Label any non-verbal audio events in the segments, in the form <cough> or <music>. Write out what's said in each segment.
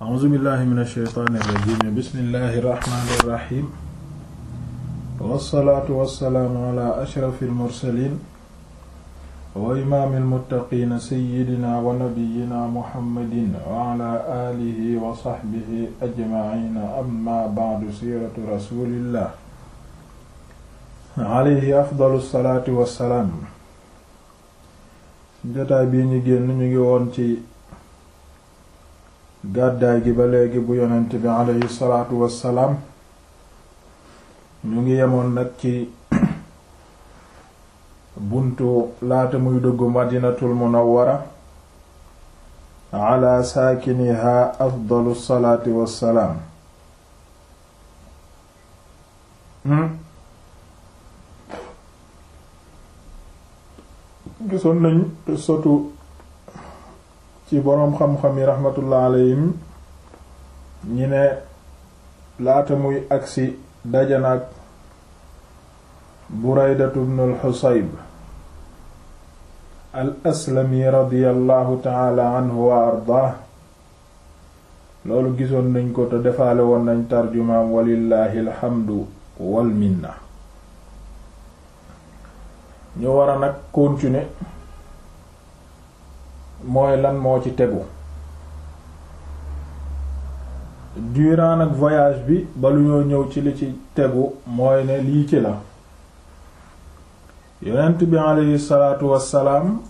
a'uuzu billahi min ash-shaytaani irrajim bismillahi irrahmani irrahim wassalaatu wassalaamu ala ashrafi almursalin wa imaami almuttaqiina sayyidina wa nabiyyina muhammadin wa ala aalihi wa sahbihi ajmaciina amma ba'du siiratu rasulillah alayhi afdalu salaati wassalaam jotaay bii ñu génn ñu ngi woon ci gàddaay gi ba léegi bu yonent bi aleyhi salaatu wassalaam ñu ngi yemoon nag ci <clears throat> buntu laata muy dugg madinatul munawwara ala saakiniha afdalu salaati wassalaam hmm? gisoon nañ sotu ci boroom xam-xam yi rahmatullah alayhim ñi ne laata muy agsi dajanaag buraydatu bnu al-Husayb al aslami radiyallahu taala anhu wa ardaah loolu gisoon nañ ko te defaale woon nañ tarjumaam walillahi alhamdu wal minna ñu war nag continuer mooy lan moo ci tegu durant ak voyage bi ba lu ñoo ñëw ci li ci tegu mooy ne lii ci la yonent bi aleyhi salaatu wassalaam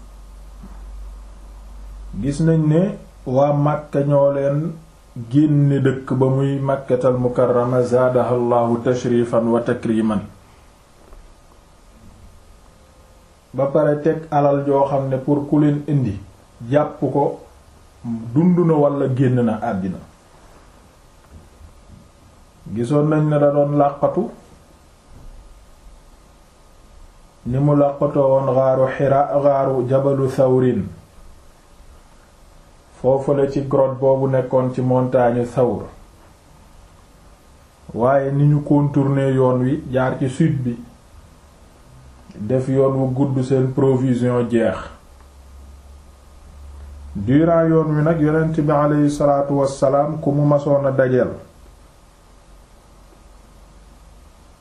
gis nañ ne waa Makka ñoo leen génne dëkk ba muy Makkatal Mukarrama zaadaha llahu tashrifan wa takriman ba pare teg alal joo xam ne pour ku leen indi jàpp ko dund na wala génn na àddina gisoon nañ ne da doon làqatu ni mu làqatoo woon xaaru xira xaaru jabalu sawrin foofale ci grotte boobu nekkoon ci montagne sawr waaye ni ñu contourner yoon wi jaar ci sud bi def yoon wu gudd seen provision jeex durant yoon wi nag yonent bi aleyhi salaatu wassalaam ku mu masoon a dajeel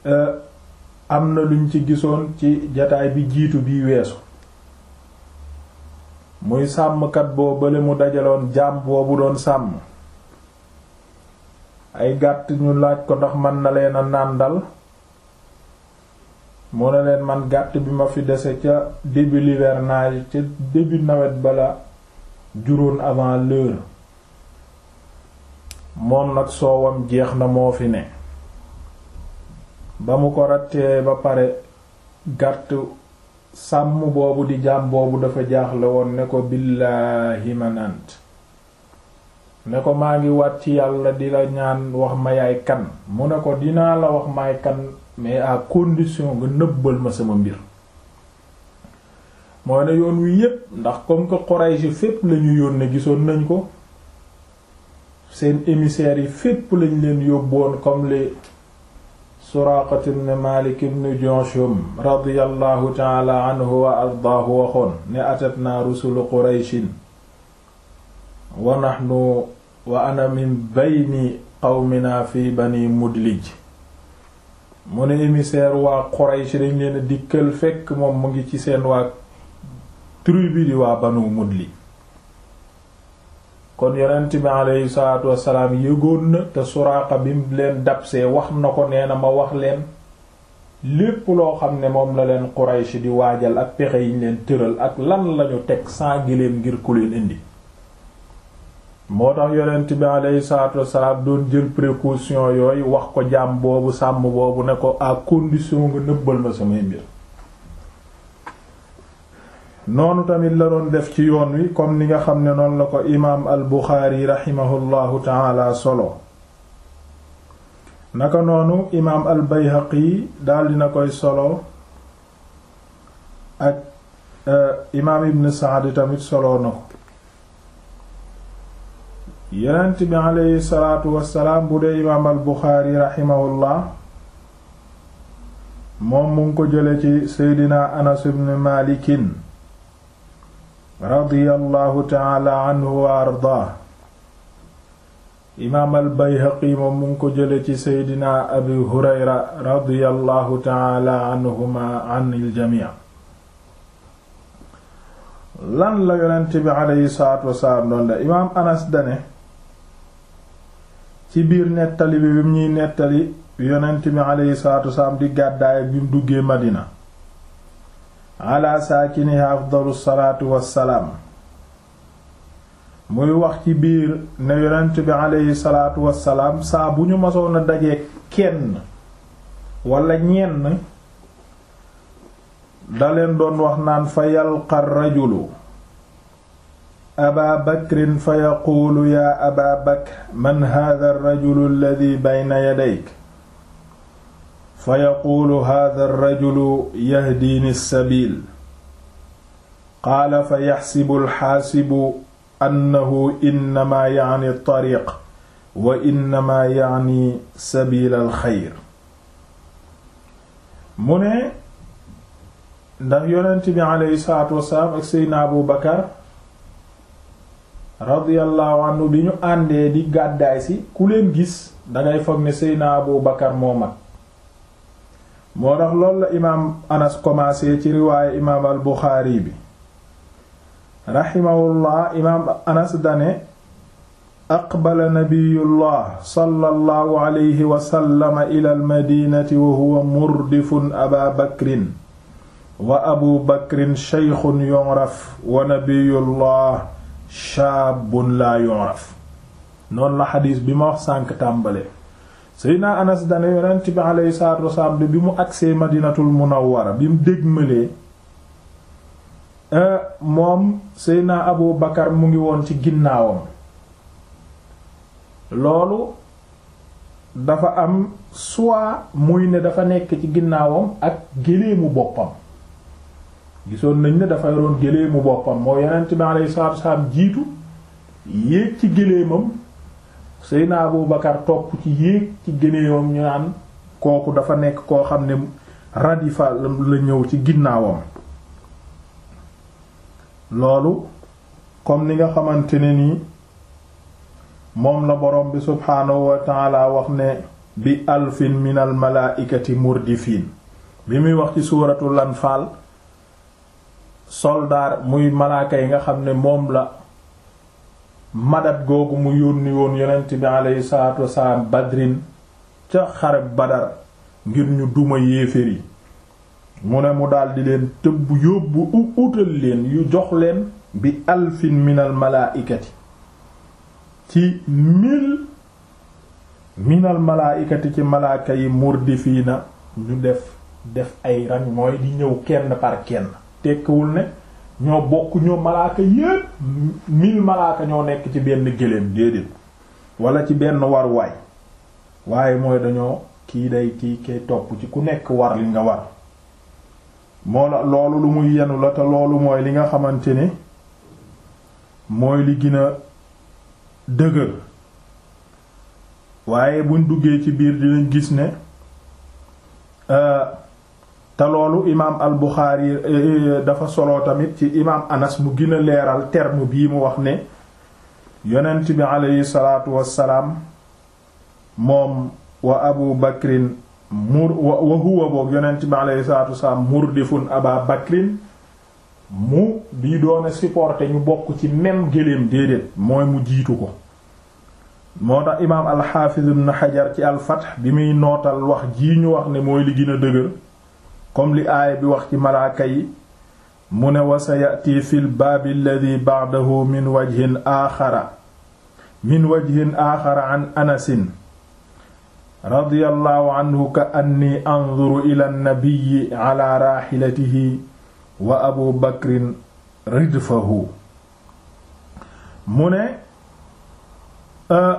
eh, am na luñ ci gisoon ci jataay bi jiitu bi weesu muy sàmmkat boo bële mu dajaloon jaam boobu doon sàmm ay gàtt ñu laaj ko ndax mën na leen a nàndal mu ne leen man gàtt bi ma fi dese ca début l'hivernage ca début nawet bala juróon avant l'heure moom nag soowam jeex na moo fi ne ba mu ko rattee ba pare gàtt sàmm boobu di jaam boobu dafa jaaxle woon ne ko billaahi manant ne ko maa ngi waat ci yàlla di la ñaan wax may kan mu ne ko dinaa la wax maay kan mais à condition nga nëbbal ma sama mbir mooy ne yoon wi yépp ndax comme que Quraysh fépp lañu ñu yónnee gisoon nañ ko seen émissaires yi fépp lañ leen yóbboon comme les Suraqat ibn Malik ibn Jushum radiyallahu ta'ala anhu wa ardaahu waxoon ne atatna rusulu Qurayshin wa wa ana min bayni qawmina fi bani mudlij mu ne émissaire waa Quraysh dañ leen dikkal fekk moom mu ngi ci seen waa tribu di waa banu mudli kon yonent bi aleyhi salaatu wassalaam yëgoon na te suraaqa bi leen dabsee wax na ko nee na ma wax leen lépp loo xam ne moom la leen Quraysh di waajal ak pexe yiñ leen tëral ak lan lañu teg sans giléem ngir ku leen indi moo tax yonent bi aleyhi salaatu wassalaam doon jël précaution yooyu wax ko jaam boobu sàmm boobu ne ko à condition nga nëbbal ma samay mbir noonu tamit la doon def ci yoon wi comme ni nga xam ne noonu la ko imaam al buxaari raximahullahu taala solo naka noonu imaam al bayhaqi daldi na koy solo ak eh, imaam ibn saadi tamit solo na ko yonent bi aleyhi salaatu wassalaam bu dee imaam al buxaari raximahullah moom mu ngi ko jële ci seydina anas ibn malikin radiyallahu taala wa ardaa imaam albayhaqi moom mu ngi ko jële ci seydina abi hurayra radiyallahu taala anhuma anas dane ci biir nettali bi bi mu ñuy nettali yonent bi aleyhi di gàddaay bi mu duggee madina ala saakiniha afdalu salaatu wassalaam muy wax ci biir ne yonent bi aleyhi saa bu ñu masoon a dajee kenn wala ñenn daleen doon wax naan fa yalqa rajulu aba bakrin fa yaquulu yaa aba bakr man haadha rajulu alladhi bayna yadayk fa yaquulu hada rajulu yahdiini sabiil qaala fa yaxsibu alxaasibu annahu innama yacni tariq wa innama yacni sabiil alxeyr mu ne ndax yonent bi aleyhi salaatu wasalaam ak seydna abu bakar radiallahu anhu bi ñu àndee di gàddaay si ku leen gis dangay foog ne seydna abu bakar moo mag moo tax loolu la imaam anas commencé ci riwaaye imaam al buxaari bi raximahullah imaam anas dane aqbala nabiyullah sallallahu alayhi wa sallam ila al madinati wa huwa murdifun aba bakrin wa abu bakrin sheykhun yuraf wa nabiyullah shaabun laa yuraf noonu la xadiis bi ma wax sànk tàmbale Seydina Anas dana yonent bi alayhi salaatu wasalaam bi mu agsee Madinatul Munawwara bi mu dégmalee euh, moom Seydina Abu Bakar mu ngi woon ci ginnaawam loolu dafa am soit muy ne dafa nekk ci ginnaawam ak géléemu boppam gisoon nañ ne dafa yoroon géléemu boppam moo yonent bi alayhi salaatu wasalaam jiitu yéeg ci géléemam Seydina Abu Bakar topp ci yéeg ci gëneewam ñu kooku dafa nekk koo xam ne radifa la ñëw ci ginnaawam loolu comme ni nga xamante ne nii moom la boroom bi subhaanahu wa taala wax ne bi alfin min al malaaikati murdifiin bi muy wax ci suuratul anfaal soldaar muy malaaka yi nga xam ne moom la madad googu mu yónni woon yonent bi aleyhi salaatu wasalaam badrin ca xare badar ngir ñu duma yéefér yi mu ne mu daldi leen tëb yóbbu u utal leen yu jox leen bi alfin minal malaaikati ci mil minal malaaikati ci malaaka yi murdifiina ñu def def ay rang mooy di ñëw kenn par kenn tekkiwul ne ñoo bokk ñoo malaaka yépp mille malaaka ñoo nekk ci benn gëléem déedéet wala ci benn war waaye mooy dañoo kii day kii kay topp ci ku nekk war li nga war moo la loolu lu muy yenu la te loolu mooy li nga xamante ni mooy li gën a dëgër waaye buñ duggee ci biir dinañ gis ne euh, te loolu imaam al Buxaari eh, dafa solo tamit ci imaam Anas mu gën a leeral terme bii mu wax ne yonent bi aleyhi salaatu wassalaam moom wa abu bakrin mur wa huwa boog yonent bi aleyhi salaatu wassalaam murdifun aba bakrin mu di doon supporter ñu bokk ci même géléem déedéet mooy mu jiitu ko moo tax imaam al xaafiz ibn ci alfat bi muy nootal wax jii ñu wax ne mooy li gën a dëgër comme li aaya bi wax ci malaaka yi mu ne wa sa yati fi lbaabi alladi bacdahu min wajhin aaxara min wajhin aaxara an anasin radiyallahu anhu ka anni anzuru ila nnabiyi ala raaxilatihi wa abu bakrin ridfahu mu ne euh,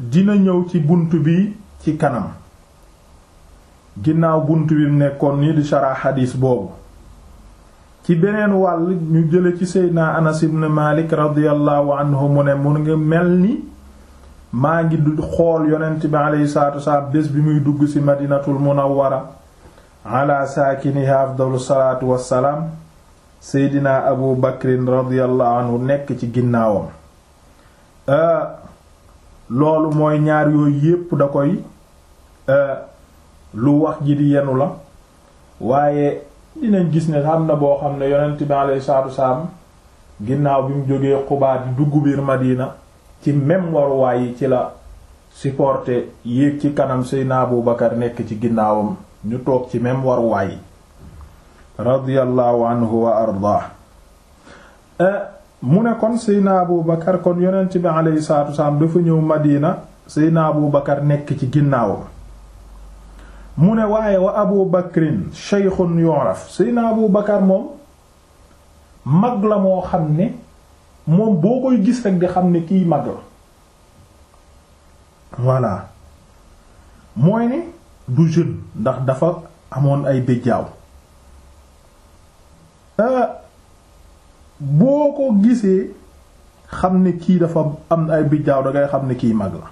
dina ñëw ci bunt bi ci kanam ginnaaw bunt bi nekkoon nii di shara xadiis boobu ci beneen wàll ñu jële ci seydna anas ibn malik radiallahu anhu mu ne mun nga mel ni maa ngi du xool yonent bi aleyhi salaatu wasalaam bés bi muy dugg ci madinatul munawwara ala saakiniha afdalu salaatu wassalaam seydina abu bakrin radiallahu anhu nekk ci ginnaawam euh, loolu mooy ñaar yooyu yépp da koy euh, lu wax ji di yenu la waaye dinañ gis ne am na boo xam ne yonent bi alayhi salaatu wasalaam ginnaaw bi mu jógee Quba di dugg biir Madina ci même waruwaay yi ci la supporté yéeg ci kanam Seydina Abu Bakar nekk ci ginnaawam ñu toog ci même waruwaay yi radiyallahu anhu wa ardaa eh, mu ne kon Seydina Abu Bakar kon yonent bi alayhi salaatu wasalaam dafa ñëw Madina Seydina Abu Bakar nekk ci ginnaawam mu ne waaye wa abu bakrin sheykhun yu'raf sayna abu bakar moom mag la moo xam ne moom boo koy gis rek di xam ne kiy mag la voilà mooy ne du jeune ndax dafa amoon ay béjjaaw euh, boo ko gisee xam ne kii dafa am ay béjjaaw dangay xam ne kiy mag la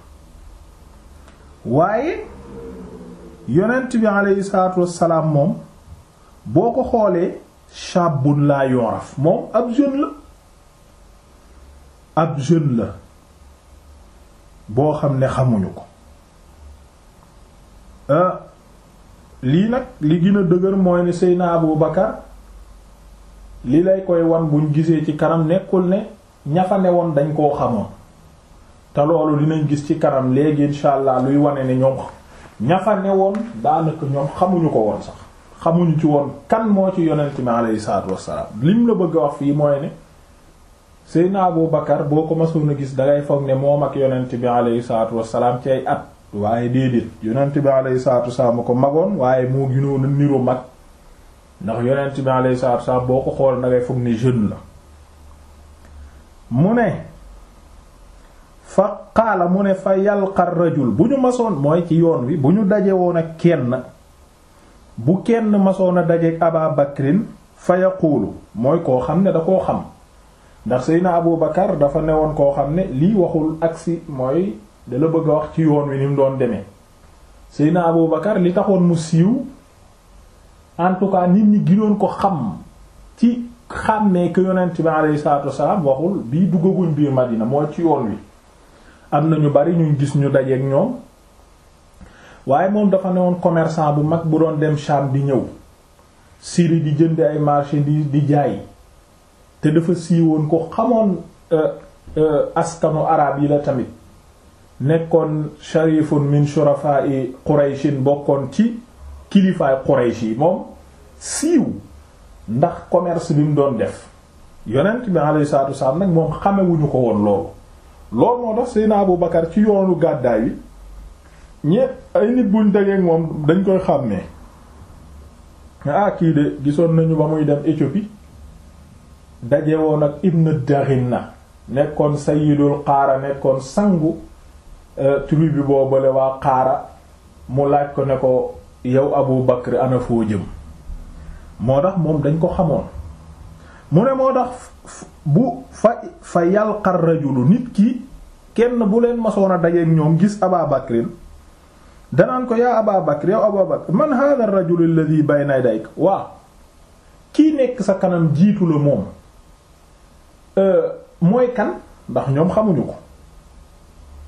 waaye yonent bi aleyhi salaam moom boo ko xoolee shaabun laa yoraf moom ab jeune la ab jeune la boo xam ne xamuñu ko euh, lii nag li gën a dëgër mooy ne Seyna Abu Bakar li lay koy wan buñ gisee ci kanam nekkul ne ña fa woon dañ koo xamoon te loolu dinañ gis ci kanam léegi incha allah luy wane ne ñoom ña fa newoon daanaka ñoom xamuñu ko woon sax xamuñu ci woon kan moo ci yonent mi aleyhi salaatu wassalaam lim la bëgg a wax fii mooy ne Seydina Abu Bakar boo ko masoon a gis dangay foog ne moom ak yonent bi aleyhi salaatu wassalaam ci at waaye déedéet yonent bi aleyhi salaatu wassalaam a ko magoon waaye moo ginoon a niro mag ndax yonent bi aleyhi salaatu wassalaam boo ko xool dangay foog ne jeune la mu ne fa qaala mu ne fa yalqa rajul bu ñu masoon mooy ci yoon wi bu ñu daje woon ak kenn bu kenn masoon a dajeeg aba bakrin fa yaquulu mooy koo xam ne da koo xam ndax seyna abu bakar dafa newoon koo xam ne lii waxul agsi mooy dala bëgg a wax ci yoon wi ni mu doon demee seyna abu li taxoon mu siiw en tout cas nit ñi ginoon ko xam ci xàmmee que yonent bi alayhi salaatu wasalaam waxul bii duggaguñ biir madina mooy ci yoon wi am na ñu bari ñuy gis ñu dajeeg ñoom waaye moom dafa ne woon commerçant bu mag bu doon dem Sham di ñëw Syrie di jënd ay marché di di jaay te dafa siiwoon ko xamoon euh, euh, askanu araab yi la tamit nekkoon sharifun min shurafa'i Qurayshin bokkoon ci kilifaay Quraysh yi moom siiw ndax commerce bi mu doon def yonent bi alayhi salaatu wasallam nag moom xamewuñu ko woon loolu loolu moo tax Seydina Abu Bakar ci yoonu gàddaay yi ñépp ay nit buñ dajeek moom dañ koy xàmmee ah kii de gisoon nañu ba muy dem Éthiopie daje woon ak Ibn Daghina nekkoon sayyidul qaara nekkoon sangu euh, tribu bi boobale waa qaara mu laaj ko ne ko yow Abu Bakr ana foo jëm moo tax moom dañ ko xamoon mu ne moo tax bu fa fa yalqar rajulu nit ki kenn bu leen masoon a dajeek ñoom gis aba bakrin danaan ko yaa aba bakr yow aba bakr man hadha ar-rajul alladhi bayna yadayk kii nekk sa kanam jiitu la moom euh, mooy kan ndax ñoom xamuñu ko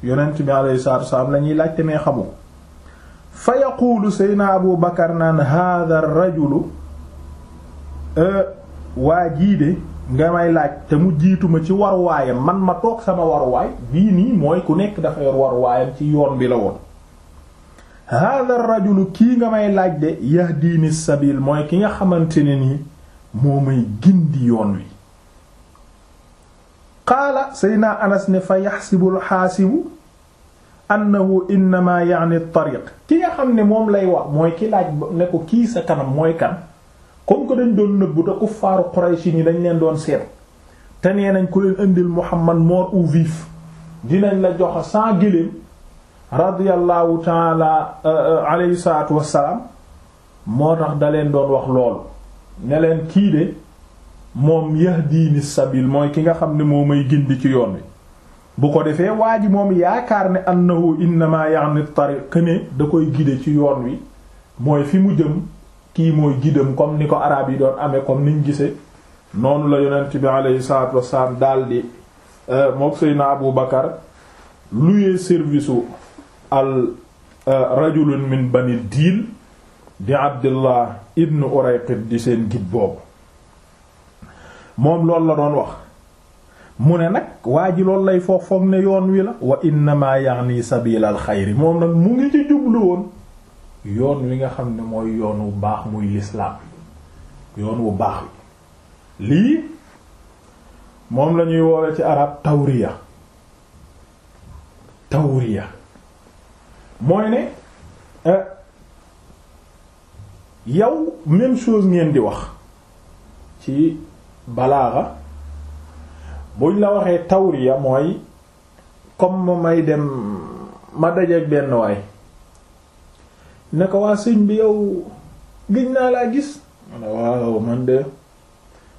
yonent bi alayhi salaatu wasalaam la ñuy laajte mais xamu fa yaquulu sayna abu bakar naan hadha ar-rajul euh, waa jii de nga may laaj te mu jiitu ma ci waruwaayam man ma toog sama waruwaay bii nii mooy ku nekk dafa yor waruwaayam ci yoon bi la woon hada rajulu kii nga may laaj de yahdiini sabil mooy ki nga xamante ne nii moo may gindi yoon wi qaala seydna anas ne fa yaxsibul xaasibu annahu innama yaani ki nga xam ne moom lay wax mooy ki laaj ne ko kii sa kanam mooy kan comme que dañ doon nëbbu te kuffaaru Quraysh ni dañ leen doon seet te nee nañ ku leen indil Muhammad mort ou vif dinañ la jox cent gëléem radiyallahu taala euh, euh, alayhi salaatu wassalaam moo tax da leen doon wax loolu ne leen kii de moom yahdiini sabil mooy ki nga xam ne moo may gindi ci yoon wi bu ko defee waa ji moom yaakaar ne annahu innama ya'ni tariq ne da koy gide ci yoon wi mooy fi mu jëm kii mooy gidam comme ni ko arab yi doon amee comme niñ gisee noonu la yonent bi aleyhi salatu wasalaam daldi euh, mook Seydina Abu Bakar luyee service u al euh, rajulun min bani diil di Abdullah ibn Urayqit di seen gid boobu moom loolu la doon wax mu ne nag waa ji loolu lay foog foog ne yoon wi la wa innama yaani sabilal xayri moom nag mu ngi ci jublu woon yoon wi nga xam ne mooy yoon wu baax muy lislaam yoon wu baax lii moom lañuy woowe ci arab tawriya tawriya mooy ne euh, yow même chose ngeen di wax ci balaaxa buñ la waxee tawriya mooy comme may dem ma dajeeg benn waay ne ko waa sëñ bi yow gëj naa laa gis ma ne waaw man de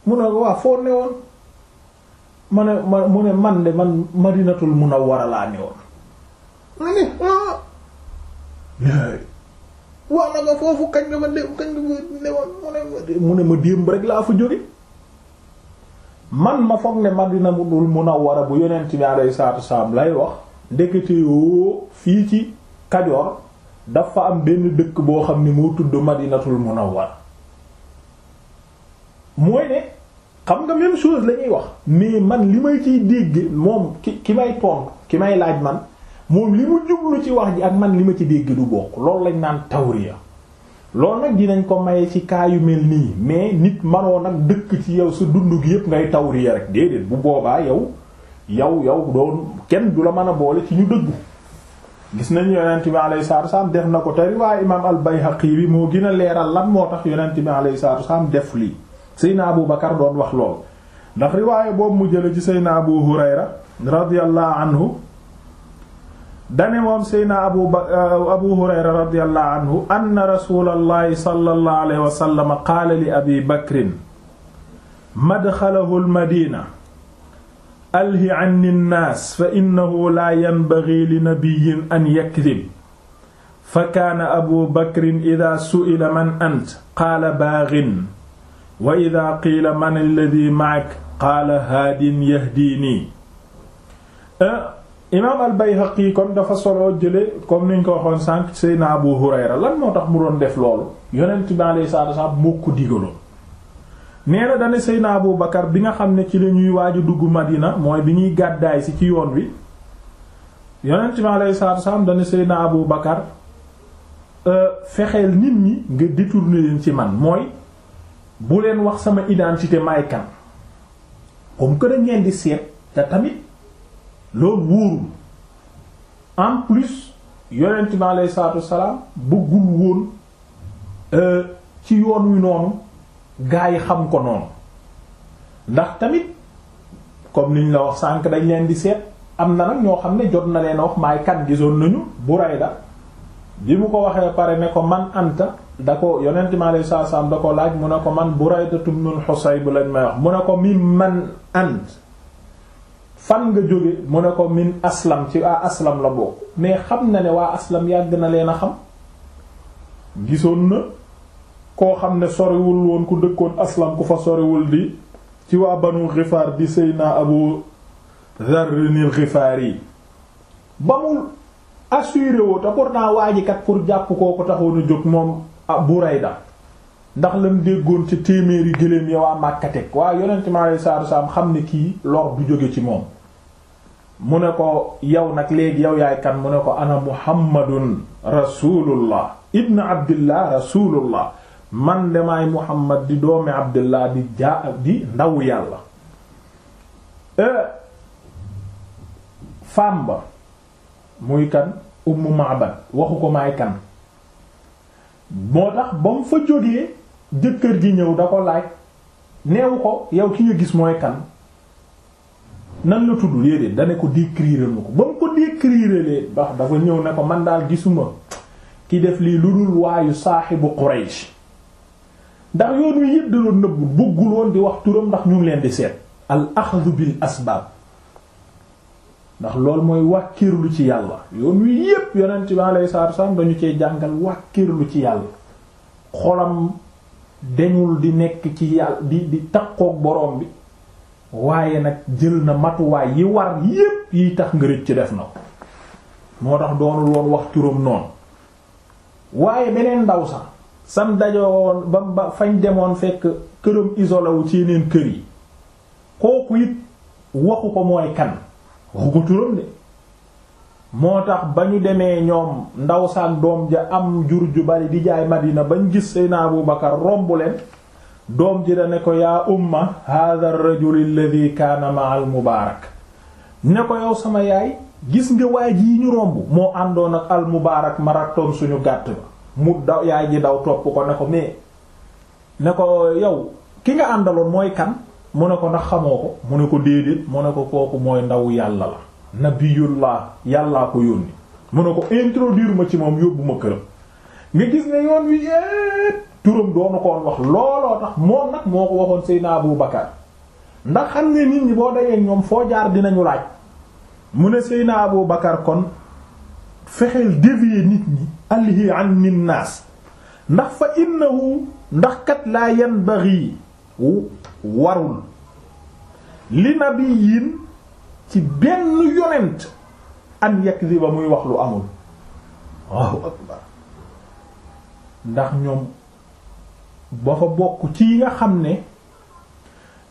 mu ne ko ma ne ma mu ne man de man madinatul ne ah. woon na foofu kañ nga ma de kañ nga ma ne mu ne ma démb rek laa fa jóge man ma foog ne madinatul munawwara bu yonent bi alayhi salaatu lay wax ndekete yoo fii ci Kajoor dafa am benn dëkk boo xam ne moo tudd madinatul munawwar mooy ne xam nga même chose lañuy wax mais man li may ciy dégg moom ki ki may tontu ki may laaj man moom li mu jublu ci wax ji ak man li ma ci dégg du bokk loolu lañ naan tawriya lool nag dinañ ko maye ci kaa yu mel nii mais nit manoo nag dëkk ci yow sa dund gi yépp ngay tawriya rek déedéet bu boobaa yow yow yow doon kenn du la mën a boole ci ñu dëggu gis nañu yonent bi alayhi salaatu wasallam def na ko te riwaaya imaam al-Bayhaqi bi moo gën a leeral lan moo tax yonent bi alayhi salaatu wasallam def lii Seydina Abu Bakar doon wax lool ndax riwaaya boobu mu jële ci Seydina Abu Hurayra radiyallahu anhu dane moom Seydina Abu euh, Abu Hurayra radiyallahu anhu anna rasulallahi sallallahu alayhi wa sallam qaala li Abi Bakrin madxalahu al-Madina alhi anni nnaas fa innahu laa yanbaghi li nabiyyin an yakdib fa abu bakrin ida su'ila man ant qaala baaghin wa ida qiila man alladhi mak qaala haadin yahdiinii ah, imaam al-Bayhaqi kon dafa solo jële comme niñ ko waxoon sànq Seydina Abu Hurayra lan moo mu doon def loolu yonent bi alayhi salaatu wa salaam nee na dane Seydina Abu Bakar bi nga xam ne ci la ñuy waaju dugg Madina mooy bi ñuy gàddaay si ci yoon wi yonent mi alayhi salaatu wasalaam dane Seydina Abu Bakar euh, fexeel nit ñi nga détourner leen ci man mooy bu leen wax sama identité maay kan comme que dañ leen di seet te tamit loolu wóorul en plus yonent mi alayhi salaatu wasalaam bëggul woon euh, ci yoon wi noonu gaa yi xam ko noonu ndax tamit comme niñ la wax sànq dañ leen di seet am na nag ñoo xam ne jot na leen wax may kat gisoon nañu Burayda bi mu ko waxee pare ne ko man ant da ko yonent mi alayhi salaam da ko laaj mu ne ko man Burayda ibn Husayb lañ may wax mu ne ko min man ant fan nga jóge mu ne ko min aslam ci aslam la bokk mais xam na ne waa aslam yàgg na leen a xam gisoon na koo xam ne soriwul woon ku dëkkoon aslam ku fa soriwul di ci waa banu xifaar di seyna abu dharrinil xifaar yi ba mu assuré woo te pourtant waa ji pour jàpp koo ko taxoon a jóg moom burayda ndax lam déggoon ci téeméeri gëléem ya waa Màkka waaye yonent mi alayhi salaam xam ne kii lor du jóge ci moom mu ne ko yow nag léegi yow yaay kan mu ne ko ana muhammadun rasulullah ibn abdillah rasulullah man de maay Muhammad di doomi Abdullah di jaa di ndaw yàlla euh, femme ba muy kan Ummu Ma'bad waxu ko maay kan moo tax ba mu fa jógee jëkkër ji ñëw da ko laaj neewu ko yow ki nga gis mooy kan nan la tudd léegi da ko décrire ma ko ba mu ko décrire lee ndax dafa ñëw ne ko man daal gisuma ki def lii lu dul waayu saaxibu Quraysh ndax yoon wi yëpp da doon di wax turam ndax ñu ngi leen di seet al axdu bil asbaab ndax loolu mooy wàkkirlu ci yàlla yoon wi yëpp yonent bi alayhi salaatu wasallam dañu cee jàngal wàkkirlu ci yàlla xolam deñul di nekk ci yàlla di di takkoog borom bi waaye nag jël na matuwaay yi war yépp yi tax nga ci def na ko moo tax doonul woon wax turam noonu waaye beneen ndaw sax sam dajowoon ba fañ demoon fekk këram isolé ci yeneen kër yi kooku it waxu ko mooy kan waxu ko turam de moo tax ba ñu demee ñoom ndaw saak doom ja am jur ju bari di jaay Madina bañ gis Seydina Abu Bakar rombu leen doom ji da ne ko yaa umma hadha ar-rajul alladhi kaana ma'al mubaarak ne ko yow sama yaay gis nga waa ji ñu romb moo àndoon ak al mubaarak ma rattoon suñu gàtt ba mu daw yaay ji daw topp ko ne ko mais ne ko yow ki nga àndaloon mooy kan mu ne ko ndax xamoo ko mu ne ko déedéet mu ne ko kooku mooy ndaw yàlla la nabiyullah yàllaa ko yónni mu ne ko introduire ma ci moom yóbbu ma këram nga gis ne yoon wi yépp turam doonu ko woon wax looloo tax moom nag moo ko waxoon Seydina Abu Bakar ndax xam ne nit ñi boo dajee ñoom foo jaar dinañu laaj mu ne Seydina Abu Bakar kon fexeel dévier nit ñi alhi anni naas ndax fa innahu ndax kat laa yanbaghi warul li yiin ci benn yonent an yakdhiba muy wax lu amul ndax ñoom ba fa bokk ci yi nga xam ne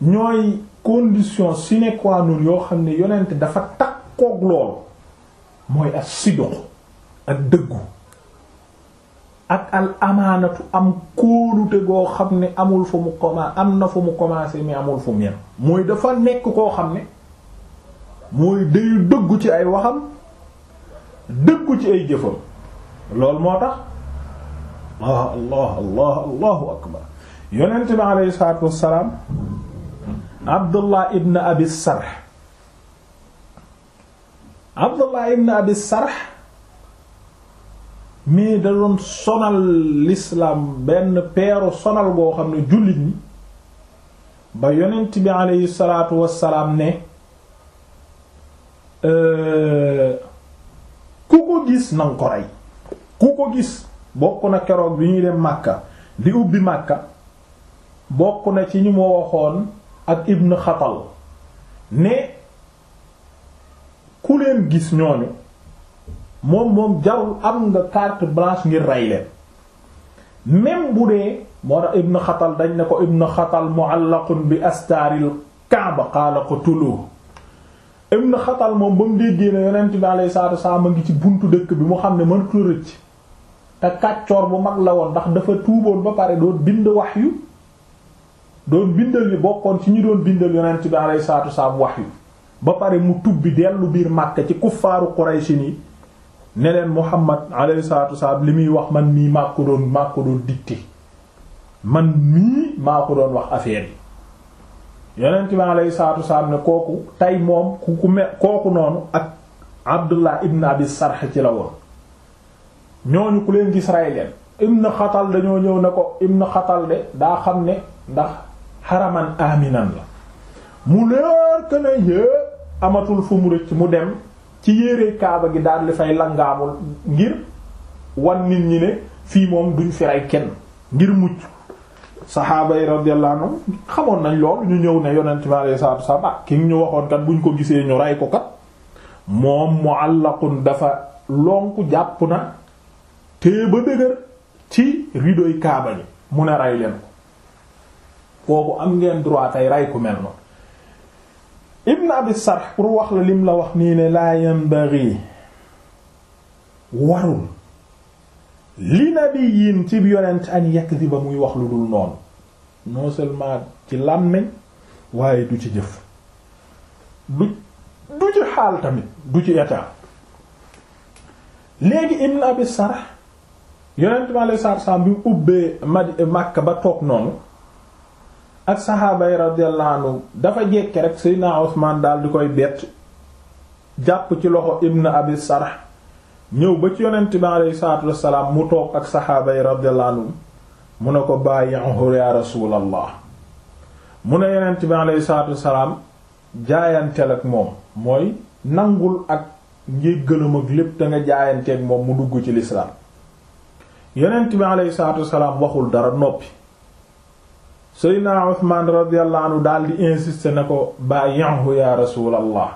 ñooy condition sine qua yoo xam ne yonent dafa takkoog loolu mooy as-sidq ak dëggu ak al amaanatu am kóolute goo xam ne amul fu mu commencé am na fu mu commencé mi amul fu mu yem mooy dafa nekk koo xam ni mooy day dëggu ci ay waxam dëggu ci ay jëfam loolu moo tax ah, allah allah allahu akbar yonent bi abdullah ibn abi sarh abdullah ibn abi sarh mais da doon sonal l'islam benn peeru sonal goo xam ne jullit ñi ba yonent bi aleyhi salaatu wassalaam ne euh, ku ko gis nanga ko rey ku ko gis bokk na keroog bi ñu dem Makka di ubbi Makka bokk na ci ñu ma waxoon ak Ibn Xatal ne ku leen gis ñooñu moom moom jarul am nga carte blanche ngir rey leen même bu dee moo tax ibn xatal dañ ne ko ibn xatal mu'allaqun bi astaaril kaaba ko qutuluhu ibn xatal moom ba mu déggee ne yonent bi alayhi salaatu a ngi ci buntu dëkk bi mu xam ne mën ko rëcc te kàccoor bu mag la woon ndax dafa tuuboon ba pare doon bind wahyu doon bindal yi bokkoon ci ñu doon bindal yonent bi alayhi salaatu wassalaam wahyu ba pare mu tubbi dellu biir Makka ci kuffaaru Quraysh ni ne leen Muhammad alayhi salaatu wasalaam li muy wax man mii maa ko doon maa ko doon dicté man mii maa ko doon wax affaire yi yonent bi salaatu wasalaam ne kooku tey moom ku ku me kooku noonu ak Abdullah ibn Abi Sarh ci la woon ñooñu ku leen gis ray ibn Xatal dañoo ñëw ne ko ibn Xatal de daa xam ne ndax xaraman aminan la mu leer que ne yée amatul fu mu rëcc mu dem ci yére kaaba gi daal di fay langaamul ngir wan nit ñi ne fii moom duñ fi rey kenn ngir mucc saxaaba yi radiyallahu anhum xamoon nañ lool ñu ñëw ne yonent bi alayhi salaatu wasallam ak ah, ñu waxoon kat buñ ko gisee ñu rey ko kat moom mu'allaqun dafa lonk jàpp na te ba dëgër ci ridoy kaaba gi mu ne rey leen ko kooku am ngeen droit tey rey ku mel noonu ibn abi sarh pour wax la lim la wax nii ne laa yanbaghi warul li nabiyyin ci yonent an yakdhiba muy wax lu dul noonu non seulement ci làmmiñ waaye du ci jëf du du ci xaal tamit du ci état léegi ibn abi sarh yonent ma lay sarh sam bi ubbee mad Makka ba toog noonu ak saxaaba yi radiyallahu anhu dafa jekke rek Seydina Usmaan daal di koy bett jàpp ci loxo Ibn Abi Sarh ñëw ba ci yonent bi alayhi salaatu wassalaam mu toog ak saxaaba yi radiyallahu mu ne ko bàyyihu ya rasuulallah mu ne yonent bi alayhi salaatu wassalaam jaayanteel ak moom mooy nangul ak njéggalam ak lépp da nga jaayanteel moom mu dugg ci lislaam yonent bi alayhi salaatu wassalaam waxul dara noppi Seydina Usmaan radiyallahu anhu daal di insister ne ko bàyyanhu ya rasulallah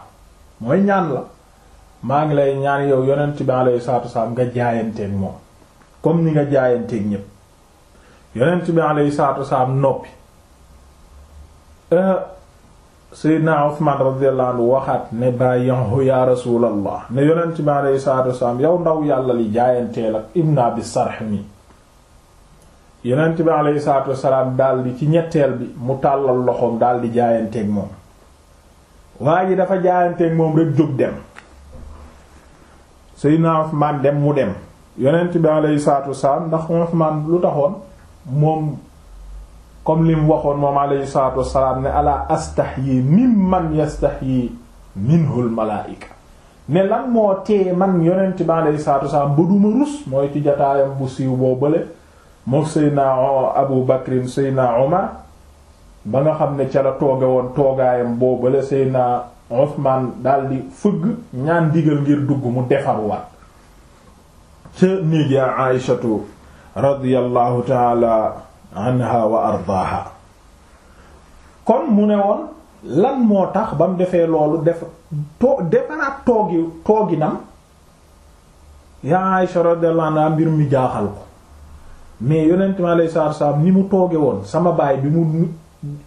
mooy ñaan la maa ngi lay ñaan yow yonent bi alayhi salaatu wasalaam nga jaayanteeg moom comme ni nga jaayanteeg ñépp yonent bi alayhi salaatu wasalaam noppi euh, Seydina Usmaan radiyallahu anhu waxaat ne bàyyanhu ya rasulallah ne yonent bi alayhi salaatu wasalaam yow ndaw yàlla li jaayanteel ak ibn Abi Sarh mi yonent bi aleyhi salaatu wasalaam daldi ci ñetteel bi mu tàllal loxoom daldi jaayanteeg moom waa ji dafa jaayanteeg moom rek jóg dem Seydina Usmaan dem mu dem yonent bi aleyhi salaatu wasalaam ndax Usmaan lu taxoon moom comme li mu waxoon moom aleyhi salaatu wasalaam ne ala astahyi mimman yastahyi minhul malaa'ika ne lan moo tee man yonent bi aleyhi salaatu wasalaam ba duma rus mooy ci bu siiw boo bële moom Seydina Abu Bakrin Seydina Omar ba nga xam ne ca la tooge woon toogaayam boobale Seydina Othman daldi fëgg ñaan digal ngir dugg mu defar waat ca néeg ya Aïshatu radiyallahu taala anha wa ardaaha kon mu ne woon lan moo tax ba mu defee loolu def too defaraat toogi tooginam ya Aïsha radiyallahu anha mbir mi jaaxal ko mais yonent ma lay saar saar ni mu tooge woon sama baay bi mu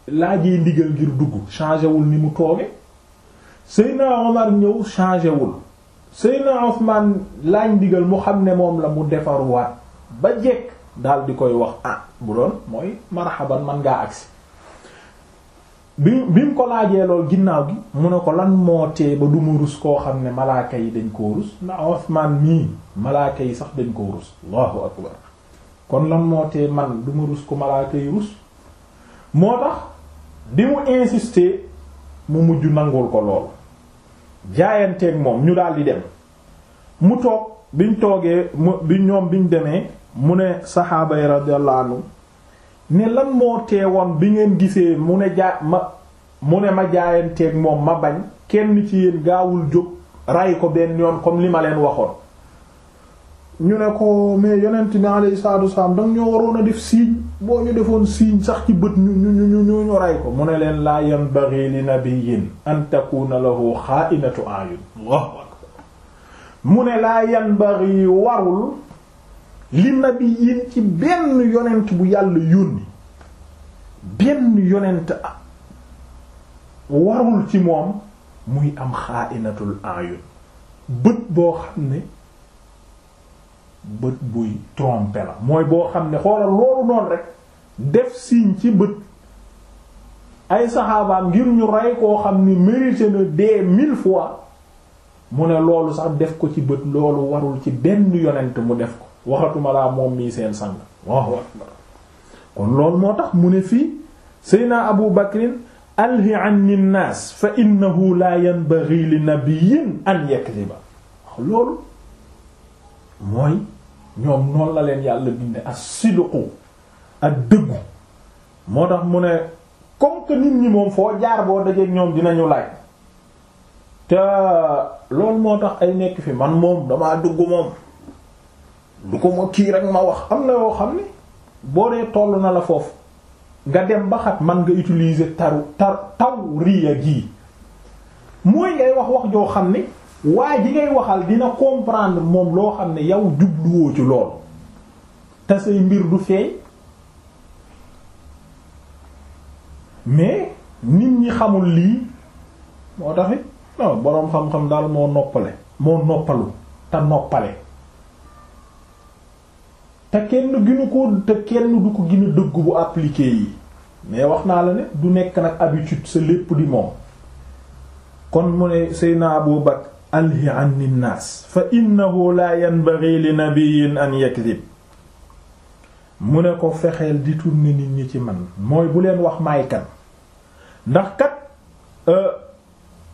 laajee ndigal ngir dugg changé wul ni mu tooge Seydina Omar ñëw changé wul Seydina Ousmane laaj ndigal mu xam ne moom la mu defarwaat ba jekk dal di koy wax ah bu doon mooy marhaban man ngaa agsi bi bi mu ko laajee lool ginnaaw gi mu ne ko lan moo tee ba du rus koo xam ne malaaka yi dañ koo rus na Ousmane mii malaaka yi sax dañ koo rus allahu akbar kon lan moo tee man du ma rus ko malaaka yi rus moo tax bi mu insister mu mujj nangul ko lool jaayanteeg moom ñu daal di dem mu toog biñ toogee bi ñoom biñ demee mu ne saxaaba yi radiyallahu ne lan moo woon bi ngeen gisee mu ne jaa ma mu ne ma jaayanteeg moom ma bañ kenn ci yéen gaawul jóg ray ko benn yoon comme li ma leen waxoon ñu ne ko mais yonent bi alayhi salaatu wasalaam danga ñoo waroon a def siiñ boo ñu defoon siiñ sax ci bët ñu ñu ñu ñu ñu rey ko mu ne leen laa yanbaghi li nabiyyin an takuna lahu xaainatu ayun Allahu akbar mu ne laa yanbaghi warul li nabiyyin ci benn yonent bu yàlla yónni benn yonent warul ci moom muy am xaainatul ayun bët boo xam ne bët buy trompé la mooy boo xam ne xoolal loolu noonu rek def signe ci bët ay saxaabaam ngir ñu rey koo xam ni mérité na dee mille fois mu ne loolu sax def ko ci bët loolu warul ci benn yonent mu def ko waxatuma laa moom mii seen sang kon loolu moo tax mu ne fii Seydina Abu Bakrin alhi anni naas fa innahu la yanbaghi li nabiyyin an yakdhiba loolu mooy ñoom noonu la leen yàlla binde a sidqu ak dëggu moo tax mu ne comme que nit ñi moom foo jaar boo dajee ñoom dinañu laaj te loolu moo tax ay nekk fi man moom damaa dugg moom du ko ma kii rek ma wax am na yoo xam ne boo dee toll na la foofu nga dem ba xat man nga utilise taru tar taw ria gii mooy ngay wax wax joo xam ni waa ji ngay waxal dina comprendre moom loo xam ne yow jubluwoo ci loolu te say mbir du feey mais nit ñi xamul lii moo taxit boroom xam-xam daal moo noppale moo noppalu te noppale te kenn ginu ko te kenn du ko gën a dëgg bu appliqué yi mais wax naa la ne du nekk nag habitude sa lépp di moom kon mu ne Seyna Abu Bakr alhi anni nnaas fa innahu laa yanbaghi li nabiyyin an yakdhib mu ne ko fexeel di tourner nit ñi ci man mooy bu leen wax maay kan ndax kat euh,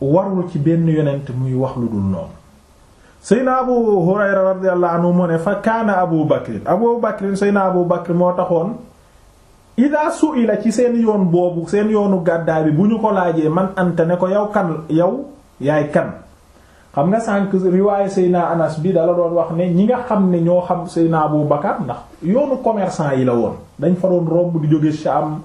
warul ci benn yonent muy wax lu dul noonu seyna abu hurayra radiyallahu anhu mu ne fa kaana abu bakrin abu bakrin seyna abu bakrin moo taxoon ida la ci seen yoon boobu seen yoonu gàddaay bi bu ñu ko laajee man anta ne ko yow kan yow yaay kan xam nga sànq riwaaye Seyna Anas bi dala doon wax ne ñi nga xam ne ñoo xam naa Abu Bakar ndax yoonu commerçant yi la woon dañ fa doon romb di jóge am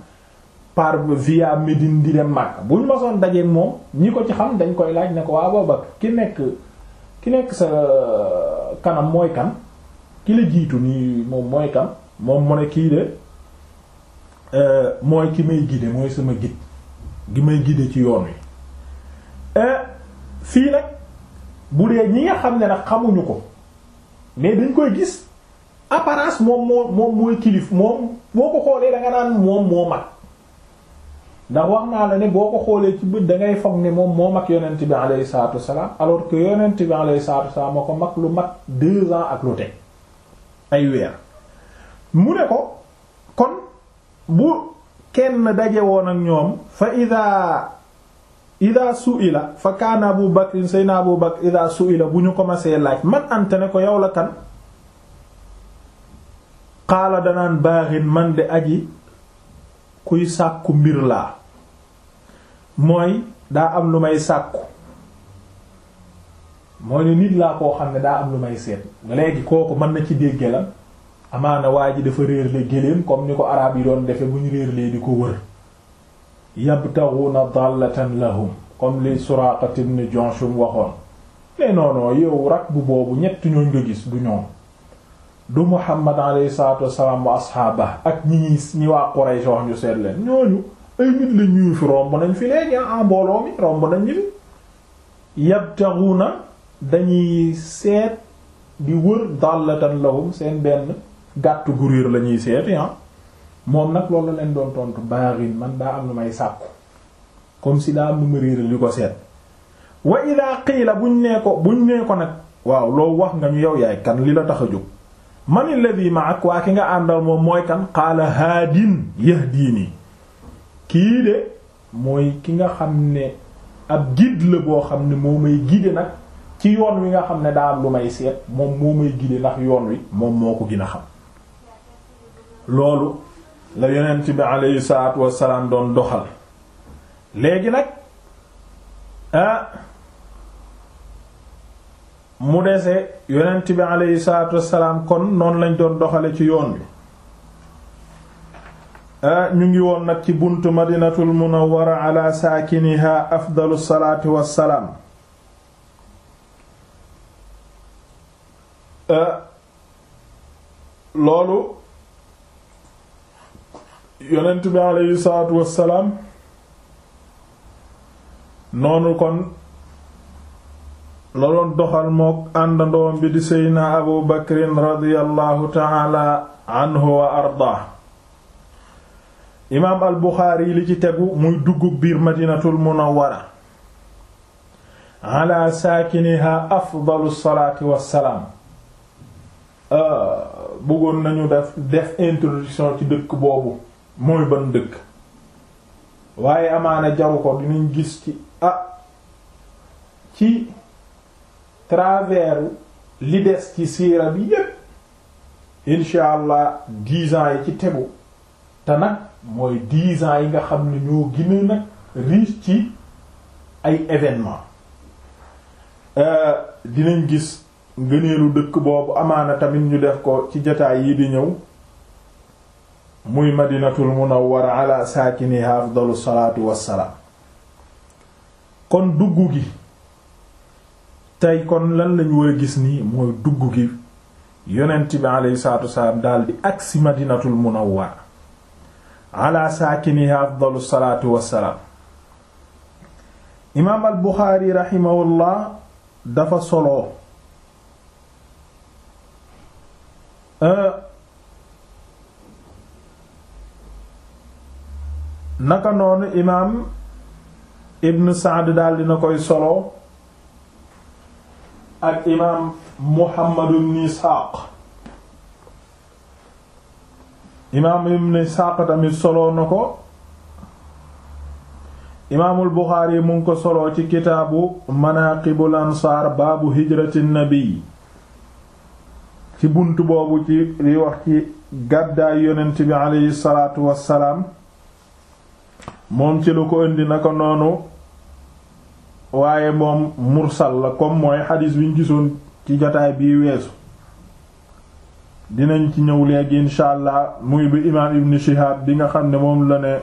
par via Médine di dem Makka buñ mosoon dajeeg moom ñi ko ci xam dañ koy laaj ne ko waa Abu Bakar ki nekk ki nekk sa kanam mooy kan ki la jiitu nii moom mooy kan moom mu ne kii de euh, mooy ki may guider mooy sama guide gi may guider ci yoon wi euh, fii nag. bu dee ñi nga xam ne nag xamuñu ko mais dañ koy gis apparence moom moo moom mooy kilif moom boo ko xoolee da nga naan moom moo mag ndax wax naa la ne boo ko xoolee ci bët da ngay foog ne moom moo mag yonent bi alayhi salaatu wasalaam alors que yonent bi alayhi salaatu wasalaam moo ko mag lu mag deux ans ak lu teg ay weer mu ne ko kon bu kenn daje woon ak ñoom fa ida ida su'ila fa kaana abu bakr sayna abu bakr ida su'ila bu ñu commencé laaj man anta ne ko yow la kan xaala danaan baaxin man de aji kuy sàkku mbir laa mooy daa am lu may sàkku mooy ne nit laa koo xam ne daa am lu may seet léegi kooku mën na ci dégge la amaana waa ji dafa réer le géléem comme ni ko araab yi doon defe bu ñu réer lee di ko wër yabtaghuna dallatan lahum comme li Suraqat ibn Junshum waxoon mais non non bu boobu ñett ñooñ nga gis du ñoom du Muhammad alayhi salaatu wassalaam wa asxaaba ak ñi ñi ñi waa Quraysh wax ñu seet leen ñooñu ay nit la ñuy fi romb nañ fi léegi en ah, mbooloo mi romb nañ ñu fi yabtaghuna dañuy seet di wër dallatan lahum seen benn gàtt gu lañuy la ñuy ah. moom nag loolu leen doon tontu baaxin man daa am lu may sàkku comme si daa am lu ma réeral ko seet wa ila qiila buñ nee ko nag waaw wax nga ñu yow yaay kan li la tax a jóg man alladhi ma'ak waa ki nga àndal moom mooy kan qaala haadin yahdini kii de mooy ki nga xam ne ab guide la boo xam ne moo may guider nag ci yoon wi nga xam ne daa am lu may seet moom moo may guider ndax yoon wi moom moo ko gin a xam loolu la yonent bi aleyhi salaatu wassalaam doon doxal léegi nag ah mu dese yonent bi aleyhi salaatu wassalaam kon noonu lañ doon doxale ci yoon bi ah, ñu ngi woon nag ci buntu madinatul munawwara ala saakiniha afdalu salaati wassalaam ah, loolu yonent bi aleyhi salaatu wassalaam noonu kon la doon doxal mook àndandoom bi di seydna abu bakrin radiyallahu taala anhu wa ardaa imaam al buxaari li ci tegu muy dugub biir madinatul munawwara ala saakiniha afdalu salaati wassalaam bëggoon nañu def def introduction ci dëkk boobu mooy ban dëkk waaye amaana jaru ko dinañ gis ci ah ci travers li des ci siira bi yépp incha allah yi ci tegu te nag mooy dix ans yi nga xam ne ñoo gën nag riche ci ay événement euh, dinañ gis ngëneelu dëkk boobu amaana tamit ñu def ko ci jataay yi di ñëw muy madinatul munawwara ala saakiniha afdalu salaatu wassalaam kon dugg gi tey kon lan lañu war a gis nii mooy dugg gi yonent bi alayhi salaatu wassalaam daldi agsi madinatul munawwara ala saakiniha afdalu salaatu wassalaam imaam al buxaari raximahullah dafa solo euh, naka noonu imaam ibn Saad daal dina koy solo ak imaam Muhammad ibn Isxaaq imaam tamit solo na ko imaamul Buxaari mu ngi ko solo ci kitaabu manaaqibul ansaar baabu hijratin nabi ci bunt boobu ci li wax ci gàddaay yonent bi aleyhi salaatu wassalaam moom ci lu ko indi naka noonu waaye moom mursal la comme mooy xadis bi ñu ci jotaay bii weesu dinañ ci ñëw leegi incha allah muy bi imaam ibn Shihab bi nga xam ne moom la ne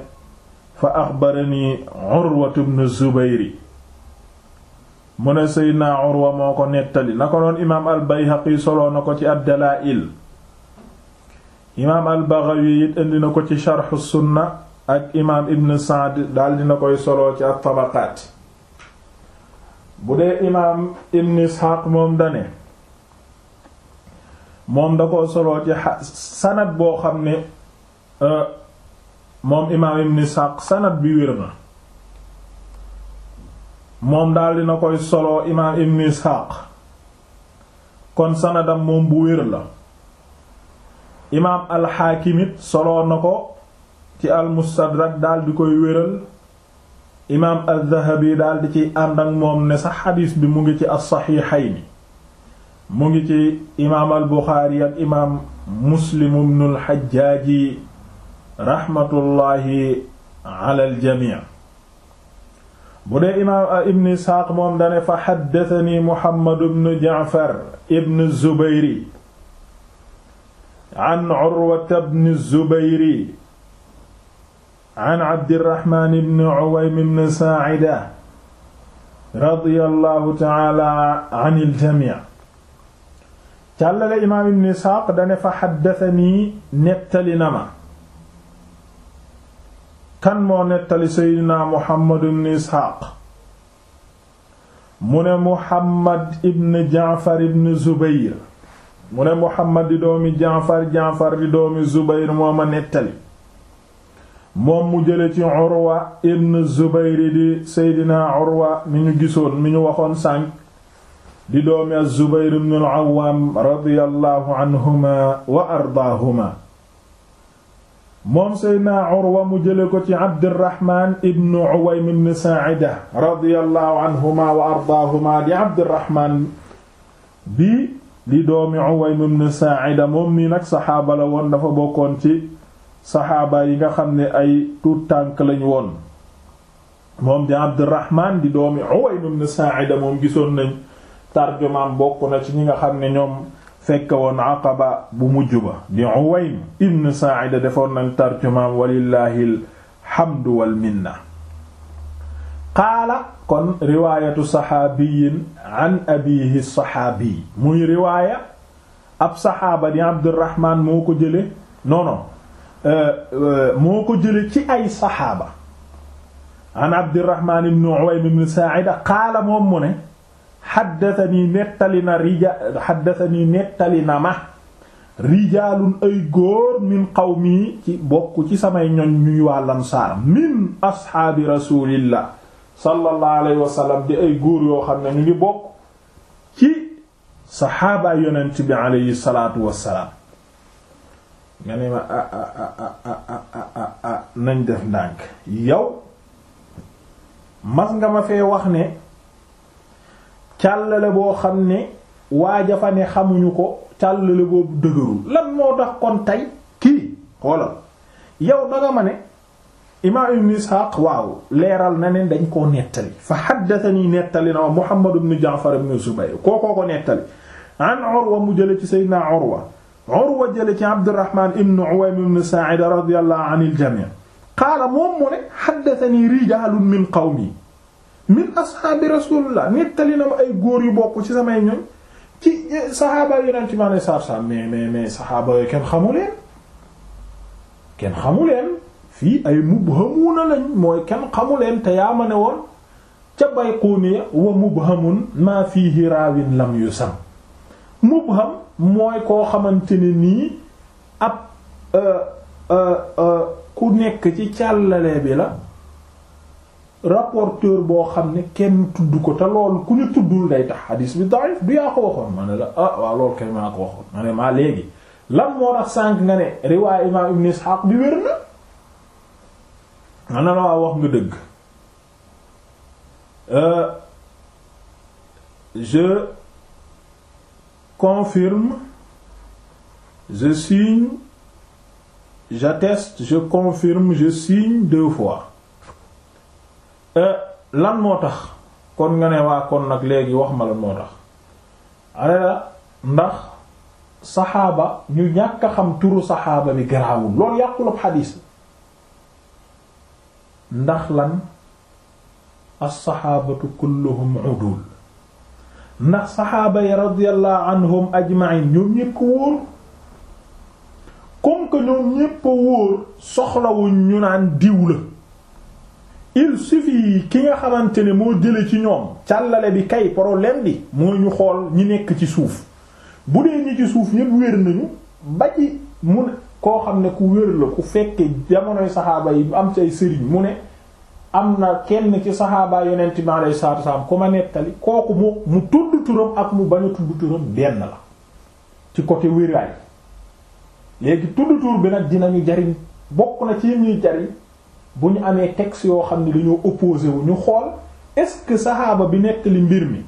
fa axbarani Urwatu ibn Zubayri mu ne Seydina Urwa moo ko nettali naka noonu imaam al-Bayhaqi soloo ko ci ad imaam al-Baghawi it indi na ko ci Sharh as-Sunna ak imaam ibn Sa'd daal dina koy soloo ci at-Tabaqaat bu dee imaam ibn Ishaq moom dane moom da ko soloo ci sanad boo xam ne euh, moom imaam ibn Ishaq sanad bi wér na moom daal dina koy solo imaam ibn Ishaq kon sanadam moom bu wér la imaam al it soloo na ko ci almustadrak daal di koy wéral imaam az-Zahabi daal di ciy ànd ak moom ne sax xadiis bi mu ngi ci as-Saxiixayni mu ngi ci imaam al-Buxaari ak imaam Muslim ibnul Xajjaaji raxmatullaahi alal jamii bu dee imaam ah, ibn Isxaaq moom dane fa xaddatani Muhammad ibn Jaafar ibn Zubayri an Urwata ibn Zubayri an abdirahman ibn uwaym ibn saacida radiyallahu taala an iljamic càllale imaam ibn isxaaq dane fa xaddatanii nettali na ma kan moo nettali seydina muhammad ibn isxaaq mu ne muhammad ibn jaafar ibn zubayr mu ne muhammad di doomi jaafar jaafar di doomi zubayr moo ma nettali moom mu jële ci Urwa ibn Zubayr di Seydina Urwa mi ñu gisoon mi ñu waxoon sànq di doomi az-Zubayr ibn al-Awwam radiyallahu anhuma wa ardaahuma moom Seydina Urwa mu jële ko ci Abdurrahman ibn Uwaym ibn Saa'ida radiyallahu anhuma wa ardaahuma di Abdurrahman bi di doomi Uwaym ibn Saa'ida moom nii nag saxaaba la woon dafa bokkoon ci saxaaba yi nga xam ne ay tuut tànk lañ woon moom di Abdurrahman di doomi Uwayn ibn Sa'ida moom gisoon nañ tarjumaam bokk na ci ñi nga xam ne ñoom fekk woon Aqaba bu mujj ba di Uwayn ibn Sa'ida defoon nañ tarjumaam walillahi alhamdu wal qaala kon riwaayatu saxaabiyin abiihi ab saxaaba di Abdurrahman moo ko jële non moo ko jële ci ay saxaaba an abdirahman ibn uwaym ibn sa'ida qaala moom mu ne xaddatani nettali na rija xaddatani nettali na ma rijaalun ay góor min qawmi ci bokk ci samay ñoñ ñuy waa lansaar min asxaabi rasulillah sallallahu alayhi wa sallam di ay góor yoo xam ne ñu ngi bokk ci saxaabaa yonent bi alayhi salaatu wassalaam nga nañ def ndànk yow mas nga ma fee wax ne càllale boo xam ne waaja fa ne xamuñu ko càllale boobu dëgërul lan moo tax kon tey kii xoolal yow danga ma ne imaam ibn waaw leeral na ne dañ koo nettali fa haddathani nettali na ma Muhammad ibn Ja'far ibn Zubayr kookoo ko nettali an Urwa mu jële ci Seydina Urwa Urwa jële ci Abdurrahman ibn Uwaym ibn Sa'ida radiyallahu anil jami' qaala moom mu ne haddathanii rijaalun min qawmi min ashaabi rasulillah nettali na ma ay góor yu bokk ci samay ñoñ ci saxaaba yonent mi alayhi salaatu salaam mais mais mais saxaaba yooyu kenn xamu leen kenn xamu leen fii ay mubhamuuna lañ mooy kenn xamu leen te yaa ma ne woon ca Bayquuniya wa mubhamun maa fiihi raawin lam yusam mubham mooy koo xamante ne nii ab euh, euh, euh, ku nekk ci càllale bi la rapporteur boo xam ne kenn tudd ko te loolu ku ñu tuddul day tax hadis bi du yaa ko waxoon ma ne la ah waaw loolu kay ma ne maa léegi lan moo tax sànq nga ne riwaay imaam ibn Ishaq bi wér na ma ne la waa wax nga dëgg confirme je signe j'atteste je confirme je signe deux fois euh, lan moo tax kon nga ne waa kon nag léegi wax ma lan moo tax a ndax saxaaba ñu ñàkk a xam turu saxaaba bi garaawul loolu yàqul ab xadiis ndax lan a saxaabatu kulluhum udul ndax saxaaba yi radiyallahu anhum ajma'in ñoom ñépp wóor comme que ñoom ñépp wóor soxlawuñ ñu naan diw la il suffit ki nga xamante ne moo jële ci ñoom càllale bi kay problème bi mooy ñu xool ñi nekk ci suuf bu dee ñi ci suuf ñépp wér nañu ba ci mu ne koo xam ne ku wér la ku fekke jamonoy saxaaba yi am ci ay sëriñ mu ne am na kenn ci saxaabaa yonent bi alayhi salaatu wasalaam ku ma nettali kooku mu mu tudd turam ak mu bañ a tudd turam benn la ci côté wéraay léegi tudd tur bi nag dinañu jariñ bokk na ci yim ñuy jariñ bu ñu amee texte yoo xam ni dañoo opposé wu ñu xool est-ce que saxaaba bi nettali mbir mi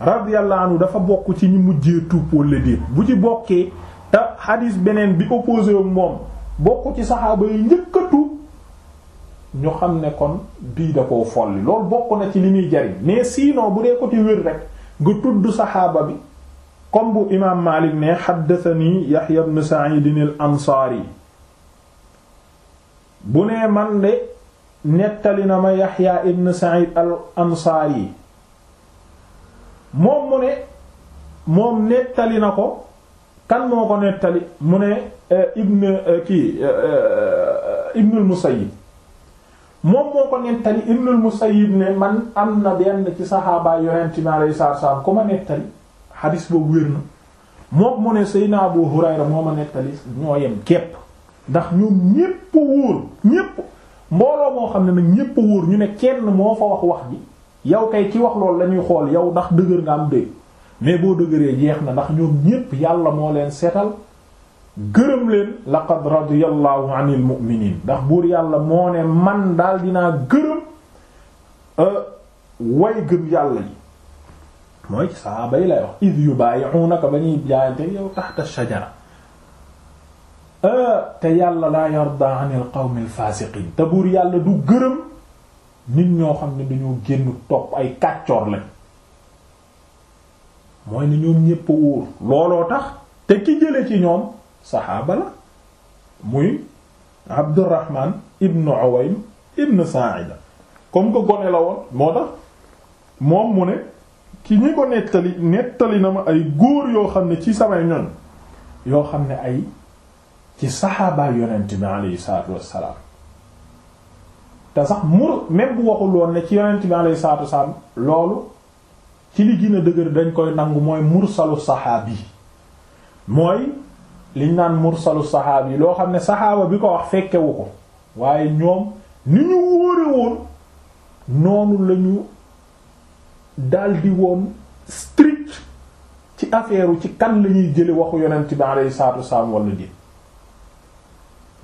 radiyallahu anhu dafa bokk ci ñi mujjee tuub walla déet bu ci bokkee te hadis beneen bi opposé wu moom bokk ci saxaaba yi njëkk a ñu xam ne kon bii da koo folli loolu bokk na ci li muy jariñ mais sinon bu dee ko ci wér rek nga tudd saxaaba bi comme bu imaam Maalik ne xaddathani Yaxya ibn Sa'id al-Ansaari bu nee man nettali na ma Yaxya ibn Sa'id al-Ansaari moom mu ne moom nettali na ko kan moo ko nettali mu ne eh, ibn eh, kii eh, ibn al moom moo ko nettali Ibnul Musayyib ne man am na benn ci saxaabaay yonent bi alayhi salaatu salaam ku ma nettali xadis boobu wér na moom mu ne Seydina Abu Hurayra moo ma nettali ñoo yem képp ndax ñoom ñépp wóor mbooloo moo xam ne nag ñépp wóor ñu ne kenn moo fa wax wax bi yow kay ci wax loolu la ñuy xool yow ndax dëgër nga am dëy mais boo dëgëree jeex na ndax ñoom ñépp yàlla moo leen setal gërëm leen laqad radiyallahu anil mu'minin ndax buur yàlla moo ne man daal dinaa gërëm euh, way gëm yàlla yi mooy sahaaba yi lay wax id yubayi'unaka ba ñuy jaayante yow tahta shajara euh, te yàlla laa yarda anil qawmil fasiqin te buur yàlla du gërëm nit ñoo xam ne dañoo génn topp ay kàccoor lañ mooy ne ñoom ñépp a wóor looloo tax te ki jële ci ñoom saxaaba la muy Abdurrahman ibn Uwaym ibn Sa'ida comme que gone la woon moo tax moom mu ne ki ñi ko nettali nettali na ma ay góor yoo xam ne ci samay ñoñ yoo xam ne ay ci saxaabaa yonent bi alayhi salaatu wassalaam te sax mur même bu waxul ne ci yonent bi alayhi salaatu wassalaam loolu ci li gën dëgër dañ koy nangu mooy mursalu saxaabi mooy liñ naan mursalu saxaab yi loo xam ne saxaaba bi ko wax fekkewu ko waaye ñoom ni ñu wóore woon noonu lañu daldi woon strict ci affaire ci kan la ñuy jële waxu yonent bi alayhi salaatu wasalaam wala di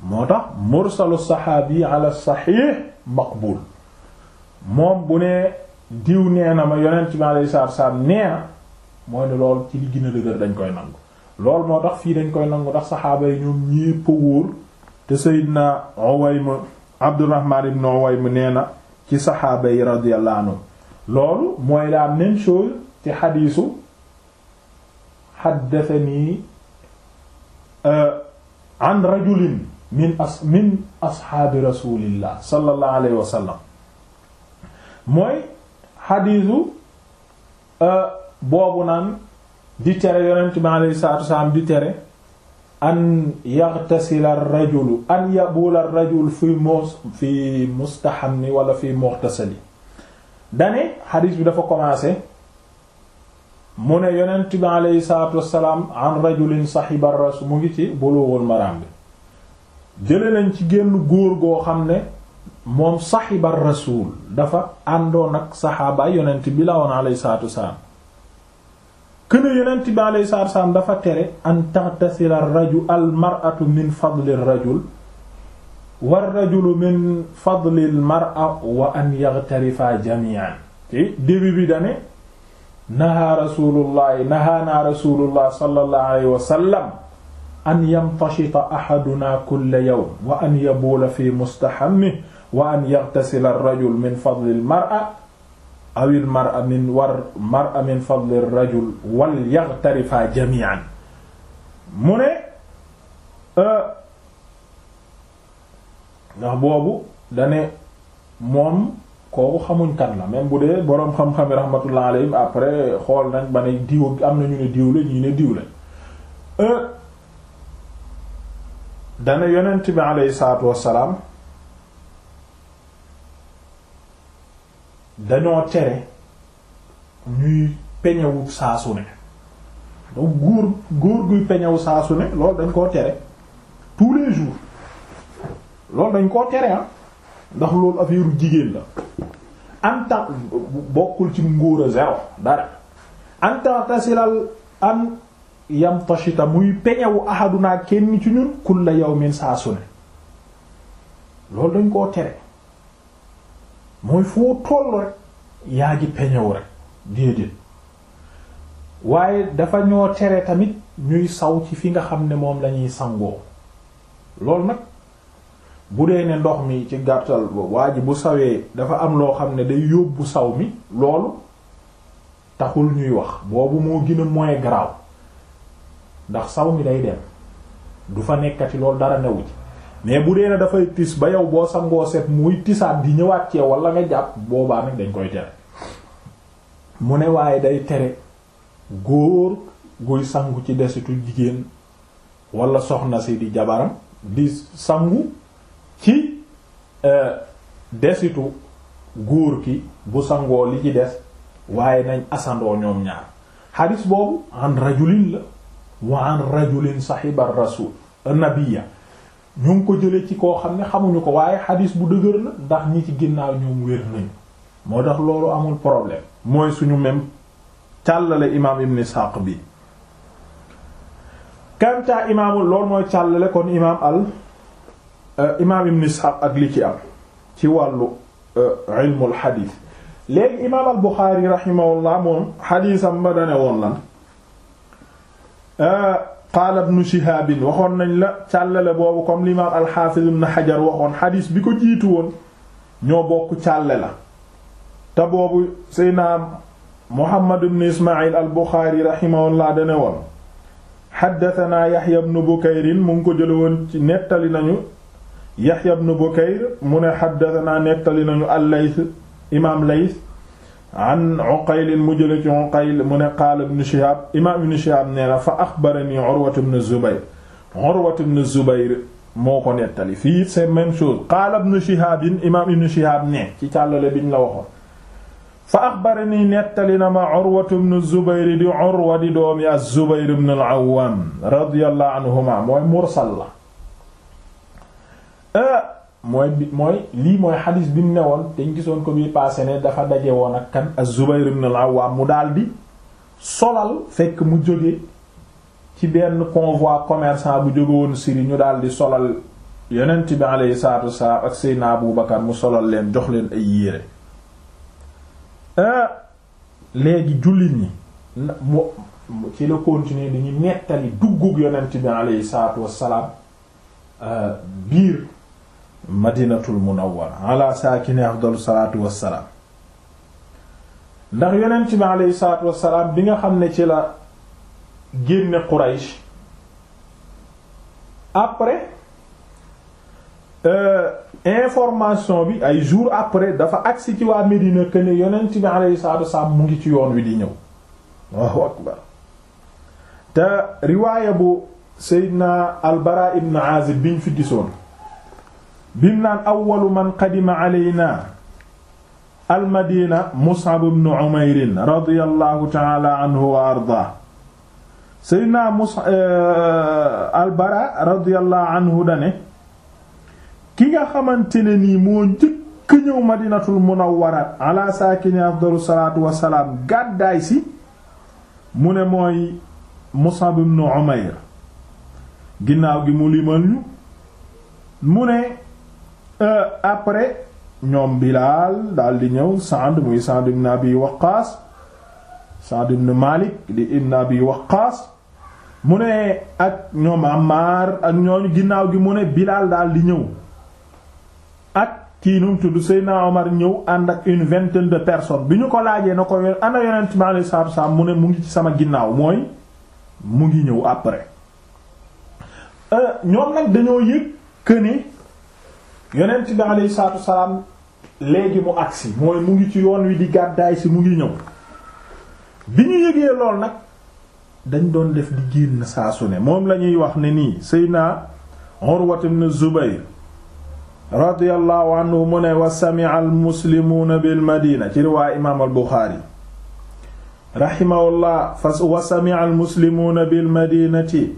moo tax mursalu saxaabi ala saxiix maqbul moom bu ne diw nee na ma yonent bi alayhi salaatu nee na mooy ne loolu ci li gën dëgër dañ koy nangu loolu moo tax fii dañ koy nangu ndax saxaaba yi ñoom ñépp wóor te Seydina Uwayma Abdurrahman ibn Uwayma nee na ci saxaaba yi radiyallahu anhu loolu mooy la même chose ci xadiisu xaddathanii euh, an rajulin min as min asxaabi rasulillah sallallahu alayhi wa mooy xadiisu euh, boobu naan di tere yonent bi alayhi salaatu wasalaam di tere an yaghtasila ar-rajulu an yabula ar-rajul fi mus fi mustahamni wala fi mughtasali dane xadiis bi dafa commencé mu ne yonent bi alayhi salaatu wasalaam an rajulin sahiba ar-rasul mu ngi ci bulughul maram bi jële nañ ci génn góor goo xam ne moom sahiba ar-rasul dafa àndoon ak saxaaba yonent bi la woon alayhi salaatu wasalaam këna yonent bi alayhi salaatu wa salaam dafa tere an taxtasila rajul al mar'atu min fadli rajul war rajulu min fadli al mar'a wa an yaghtarifa jami'an ci début bi dane nahaa rasuulullahi nahaanaa rasuulullahi sallallahu alayhi wa sallam an yamtashita ahaduna kulla yawm wa an yabuula fi mustahammihi wa an yaghtasila ar-rajulu min fadli al mar'a awil mar amin war mar amin fadli rajul wal yaxtarifa jamian mu ne euh, ndax boobu dane moom kooku xamuñ kan la même bu dee boroom xam-xam yi rahmatullah alayhim après xool nañ ba ne diw am na ñu ne diw la ñu ne diw euh, dane yonent bi alayhi salaatu wassalaam dañoo tere ñuy peñewu saa su ne donc góor góor guy peñewu saa loolu dañ koo tere tous les jours loolu dañ koo tere ah ndax loolu affaire jigéen la en bokkul ci ngóor a zéro dara en tant tasilal yam tashita muy peñewu ahaduna kenn ci ñun kulla yawmin saa su ne loolu dañ koo tere mooy foo toll rek yaa ngi peñew rek déedéet waaye dafa ñoo tere tamit ñuy saw ci fi nga xam ne moom lañuy sangoo loolu nag bu dee ne ndox mi ci gàttal waa ji bu sawee dafa am loo xam ne day yóbbu saw mi loolu taxul ñuy wax boobu moo gën a garaaw ndax saw mi day dem du fa nekkati loolu dara newu ci mais bu dee na dafay tis ba yow boo sangoo set muy tisaat di ñëwaat ci wala nga jàpp boobaa dañ koy tere mu ne waaye day tere góor guy sangu ci desitu jigéen walla soxna si di jabaram di sangu ci euh, desitu góor ki bu sangoo li ci des waaye nañ asandoo ñoom ñaar xadis boobu an rajulin la wa an rajulin sahiba rasul nabiyya ñu ko jële ci koo xam ne xamuñu ko waaye xadis bu dëgër la ndax ñi ci ginnaaw ñoom wér nañu moo tax loolu amul problème mooy suñu même càllale imaam ibn Isxaaq bi kantaa imaamul loolu mooy càllale kon imaam al euh, imaam ibn Isxaaq ak li ci am ci wàllu euh, ilmul xadis léegi imaam al Buxaari raximahullah moom xadisam ba dane woon lan euh, qaala ibnu shihaabin waxoon nañ la càllale boobu comme limaam alxaafiz ibn xajar waxoon xadiis bi ko jiitu woon ñoo bokk càlle la te boobu seydna muhammad ibn ismaayil al buxaari de dane woon xaddatanaa yaxya ibn bukayrin mu ngi ko jële woon ci nettali nañu yaxya ibn bukayr mu ne xaddatanaa nettali nañu al imaam layth an Uqayl mu jële ci Uqayl mu ne qaala ibn Shihab imaam ibn Shihab nee na fa axbarani Urwatu ibn Zubayr Urwatu ibn Zubayr moo ko nettali fii c'est même chose qaala ibn Shihab imaam ibn Shihab ne ci càllale biñ la waxoon fa axbarani nettali na ma Urwatu ibn Zubayr di Urwa di doomi az-Zubayr ibn al-Awwam radiyallahu anhuma mooy mursal la eh, mooy bi mooy lii mooy xadis bi mu newoon te ñu gisoon ko bii passé ne dafa daje woon ak kan az-Zubayr ibn al-Awwam mu di solal fekk mu jóge ci benn convoi commerçant bu jóge woon Syrie ñu daldi solal yonent bi alayhi salaatu wasalaam ak Seydina Abu Bakar mu solal leen jox leen ay yére euh, léegi jullit ñi mu ci la continuer dañuy nettali duggug yonent bi alayhi salaatu wasalaam euh, biir madinatul munawwara ala saakini afdalu salaatu wassalaam ndax yonent bi aleyhi salaatu wassalaam bi nga xam ne ci la génne Quraysh après euh, information bi ay jours après dafa agsi ci waa Médina que ne yonent bi aleyhi salaatu mu ngi ci yoon wi di ñëw Allahu akbar te riwaaya bu Seydina Al-Bara ibn Azib biñ fi gisoon bim naan awwalu man qadima alayna almadina mus'ab ibn umayrin radiyallahu taala anhu wa arda seydna mus eh, albara radiyallahu dane ki nga xamante ne nii moo njëkk ñëw madinatul munawwara ala saakini afdalu salaatu wasalaam gàddaay si mu ne mooy mus'ab ibn umayr ginnaaw gi mu limal ñu mu ne Euh, après ñoom Bilaal daal di ñëw Saad muy Saad ibn Abi Waqqaas Saad ibn Maalik di ibn Abi Waqqaas mu ne ak ñoom Ammaar ak ñooñu ginnaaw gi mu ne Bilaal daal di ñëw ak kii nu mu tudd Seydina Omar ñëw ànd ak une vingtaine de personnes bi ñu ko laajee na ko wér ana Yonent mi alayhi mu ne mu ngi ci sama ginnaaw mooy mu ngi ñëw après euh, ñoom nag dañoo yëg que yonent bi alayhi salaam léegi mu agsi mooy mu ngi ci yoon wi di gàddaay si mu ngi ñëw bi ñu yëgee lool nag dañ doon def di génn saa su ne moom la ñuy wax ne nii Seydina Urwat ibn Zubayr radiyallahu anhu mu ne wa sami'a al muslimuuna bil madina ci riwaaya imaam al Buxaari fa wa al muslimuuna bil madinati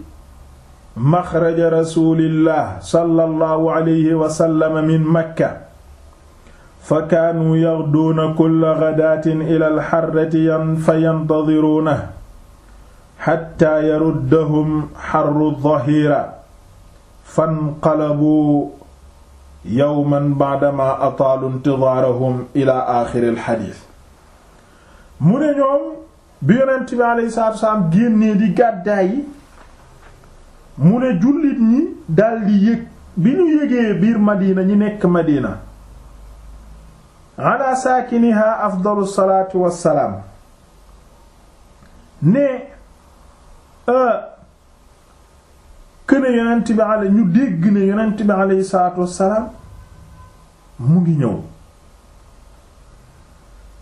maxraja rasulillah sallallahu alayhi wa sallam min makka fa kaanuu yaxduuna kulla gadaatin ila alxarrati fa yantadiruuna xatta yaruddahum xarru dahiira fanqalabuu yowman baadama ataalu intidaarahum ila aaxiri alxadiis mu ne ñoom bi yonent bi alayhi salaatu wa salaam génnee di gàddaay mu ne jullit ñi daldi yëg bi ñu yëgee biir Madina ñi nekk Madina ala saakiniha afdalu salaatu wassalaam ne këne euh, yonent bi ale ñu dégg ne yonent bi aleyhi salaatu mu ngi ñëw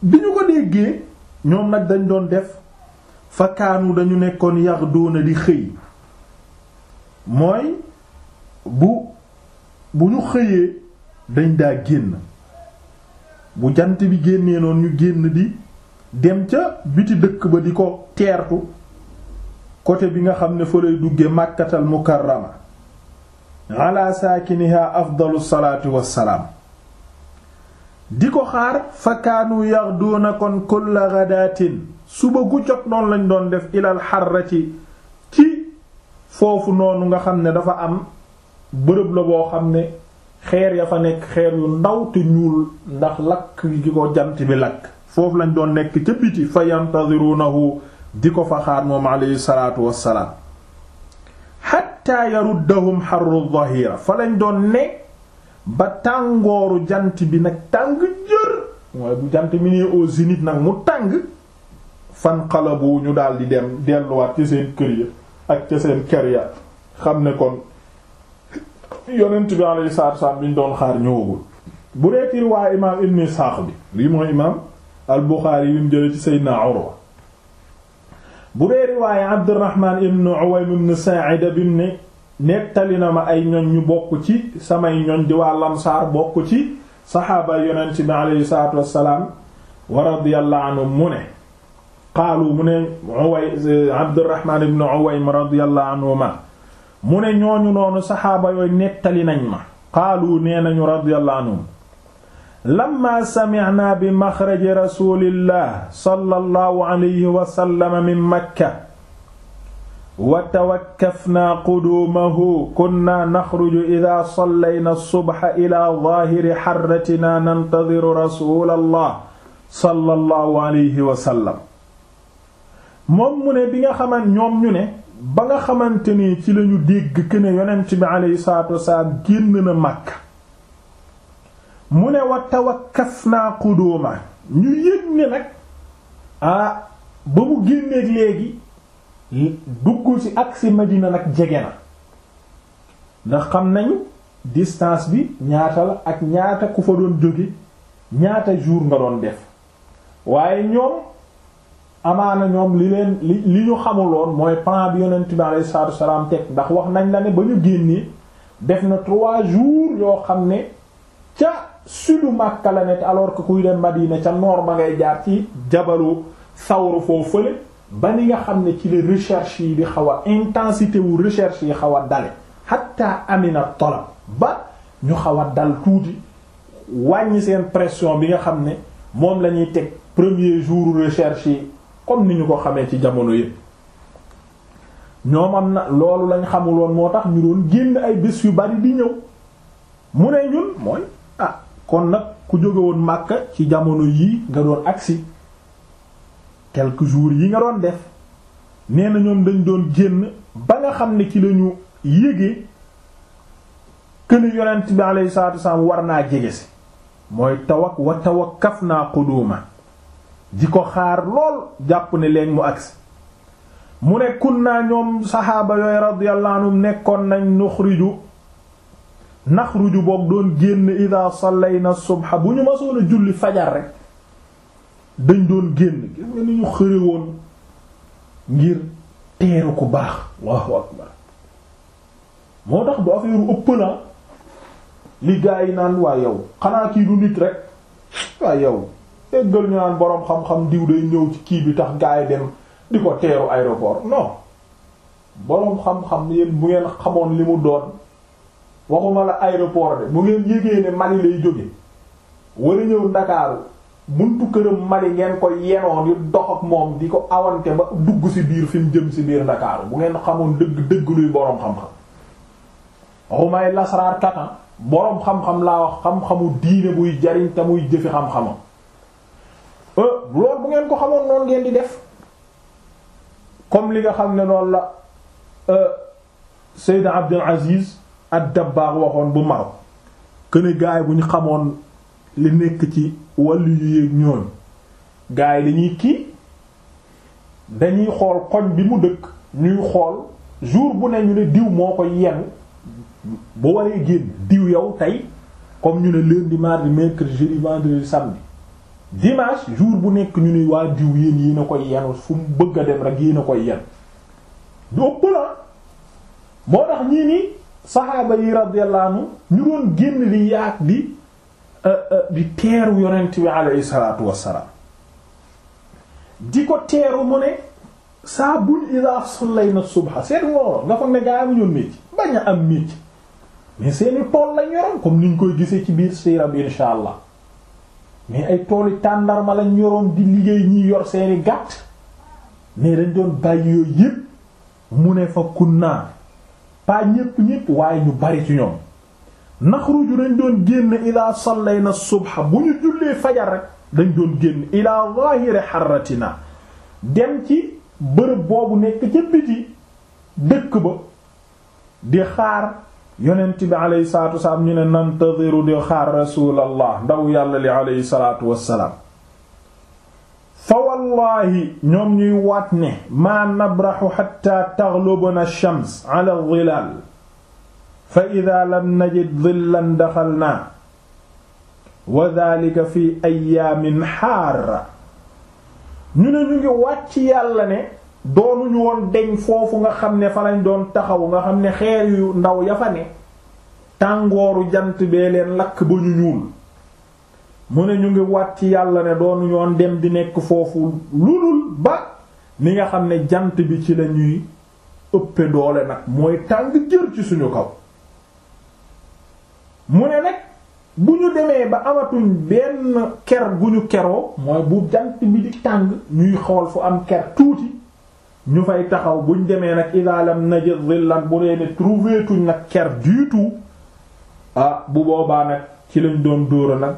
bi ñu ko déggee ñoom nag dañ doon def fa kaanu dañu nekkoon yax doona di xëy mooy bu bu ñu xëyee dañ daa génn bu jant bi génnee noonu ñu génn di dem ca biti dëkk ba di ko teertu côté bi nga xam ne fa lay dugge màkkatal mukarrama ala saakiniha afdalu salaatu wassalaam di ko xaar fa kaanu yaxduuna kon kulla ghadatin suba gu jot noonu lañ doon def ilal xarrati foofu noonu nga xam ne dafa am bërëb la boo xam ne xeer ya fa nekk xeer yu ndaw te ñuul ndax lakk gi ko jant bi lakk foofu lañ doon nekk ca biti fa yantadirunahu di ko fa xaar moom alayhi salaatu wassalaam xatta yaruddahum fa lañ doon ne ba tàngooru jant bi nag tàng jër mooy bu jant mi nee au zénith nag mu tàng fanqalabu ñu daal di dem delluwaat ci seen kër ya ak ca seen kër ya xam ne kon yonent bi alayhi salaatu wasallam bi ñu doon xaar ñëwagul bu dee imaam Ibn Isxaaq bi lii mooy imaam al-Buxaari yi mu jëlee ci Seydina Urwa bu dee riwaayu ibn Uwaym ibn bi mu ne nettali na ma ay ñoñ ñu bokk ci samay ñoñ di waa Lamsaar bokk ci saxaaba yonent bi alayhi salaatu wasallam wa radiyallahu anhum mu ne. qaalu mu ne Uways Abdurrahman ibn Uwaym radiyallahu anhuma mu ne ñooñu noonu saxaaba yooyu nettali nañ ma qaalu nee nañu radiyallahu anhum lamma sami'na bi maxraji rasulillah sallallahu alayhi wa sallam min makka wa tawakkafna quduumahu kunna naxruju ida sallayna subha ila zaahiri xarratina nantadiru rasulallah sallallahu alayhi wa sallam moom mu ne bi nga xaman ñoom ñu ne ba nga xamante ne ci lañu dégg ke ne yonent bi aleyhi salatu wasalaam génn na Makka mu ne wa tawakkasnaa quduma ñu yëg ne nag ah ba mu génneeg léegi dugg ci agsi Madina nag jege na ndax xam nañu distance bi ñaata la ak ñaata ku fa doon jóge ñaata jour nga doon def waaye ñoom amaana ñoom li leen li li ñu xamuloon mooy plan bi yonent bi alayhi salaam teg ndax wax nañ la ne ba ñu génnee def na trois jours yoo xam ne ca sudu Makka la nekk alors que kuy dem Madina ca noor ba ngay jaar ci jabaru sawru foofu fële ba ni nga xam ne ci la recherche yi di xaw a intensité wu recherche yi xaw a dale hatta amina tolab ba ñu xaw a dal tuuti wàññi seen pression bi nga xam ne moom la ñuy teg premier jour recherche yi comme ni ñu ko xamee ci jamono yëpp ñoom am na loolu lañ xamuloon moo tax ñu doon génn ay bés yu bari di ñëw mu ne ñun mooy ah kon nag ku jóge woon Makka ci jamono yii nga doon agsi quelques jours yi nga doon def nee na ñoom dañ doon génn ba nga xam ne ci lañu yéegee këni yonent bi alayhi salaatu wassalaam war naa jege si mooy tawak wa tawakkafnaa quduma di ko xaar lool jàpp ne leen mu agsi mu ne naa ñoom saxaaba yooyu radiyallahu anhum nekkoon nañ nuxriju naxruju boog doon génn ida sallayna subha bu ñu masoon a julli fajar rek dañ doon génn gis nga ni ñu xëre woon ngir teeru ku baax allahu akbar moo tax du affaire ëpp na li gaa yi naan waa yow xanaa kii du nit rek waa yow déggal ñu naan boroom xam-xam diw day ñëw ci kii bi tax gaay dem di ko teeru aéroport non boroom xam-xam yéen bu ngeen xamoon li mu doon waxuma la aéroport de bu ngeen yégee ne Mali lay jóge wala ñëw Ndakaaru buntu këram Mali ngeen ko yenoon yu dox ak moom di ko awante ba dugg ci biir fi mu jëm ci biir Ndakaaru bu ngeen xamoon dëgg dëgg luy boroom xam-xam waxumay lasraar katan boroom xam-xam laa wax xam-xamu diine buy jariñ te muy jëfi xam-xamam lool bu ngeen ko xamoon noonu ngeen di def comme li nga xam ne noonu la euh, Seydina Abdul Aziz at dabbaax waxoon bu Maroc këne gaay bu ñu xamoon li nekk ci wàllu yu yéeg ñooñ gaay dañuy kii dañuy xool koñ bi mu dëkk ñuy xool jour bu ne ñu ne diw moo ko yenu bu waree génn diw yow tey comme ñu ne lundi mardi mercredi jeudi vendredi samedi dimanche jour bu nekk ñu ne waa diw yéen yéen a koy fu mu bëgg a dem rek yéen a koy yen du ëpp moo tax ñii ni saxaaba yi radiyallahu anhu ñu doon génn di yaag di euh, euh, di teeru yonent bi alayhi salaatu wassalaam di ko teeru mu ne saa buñ ila sulayna subha seet ngooro nga foog ne gaa am ñoon mécc bañ a am mécc mais seeni tool lañ yoroon comme niñ koy gisee ci biir siira bi insha allah mais ay tooli tàndarma lañ yoroom di liggéey ñi yor seeni gàtt mais dañ doon bàyyi yooyu yépp mu ne fa kunnaa pas ñépp ñépp waaye ñu bari ci ñoom naxruju dañ doon génn ilaa sallayna subha bu ñu jullee fajar rek dañ doon génn ilaa zahiri xaratina dem ci bërëb boobu nekk ca biti dëkk ba di xaar yonent bi alayhi salaatu wasalaam ñu ne nantadiru di xaar rasuulallah ndaw yàlla li alayhi salaatu wasalaam fa wallaahi ñoom ñuy waat ne maa nabraxu xatta taxlubuna ash-shams ala dhilaal fa idaa lam najid dhillan daxalnaa wa dhaalika fi ayyaamin xaara ñu ne ñu ngi waat ci yàlla ne doonuñu woon deñ foofu nga xam ne fa lañ doon taxaw nga xam ne xeer yu ndaw ya ne tàngooru jant bee leen lakk ba ñu ñuul mu ne ñu ngi wàcc yàlla ne doonuñu woon dem di nekk foofu lulul ba ni nga xam ne jant bi ci la ñuy ëppe doole nag mooy tàng jër ci suñu kaw mu ne nag bu ñu demee ba amatuñ benn ker gu ñu keroo mooy bu jant bi di tàng ñuy xool fu am ker tuuti ñu fay taxaw buñ demee nag idaalam najid zillan bu dee ne trouvé nag ker du ah, bu boobaa nag ci lañ doon dóora nag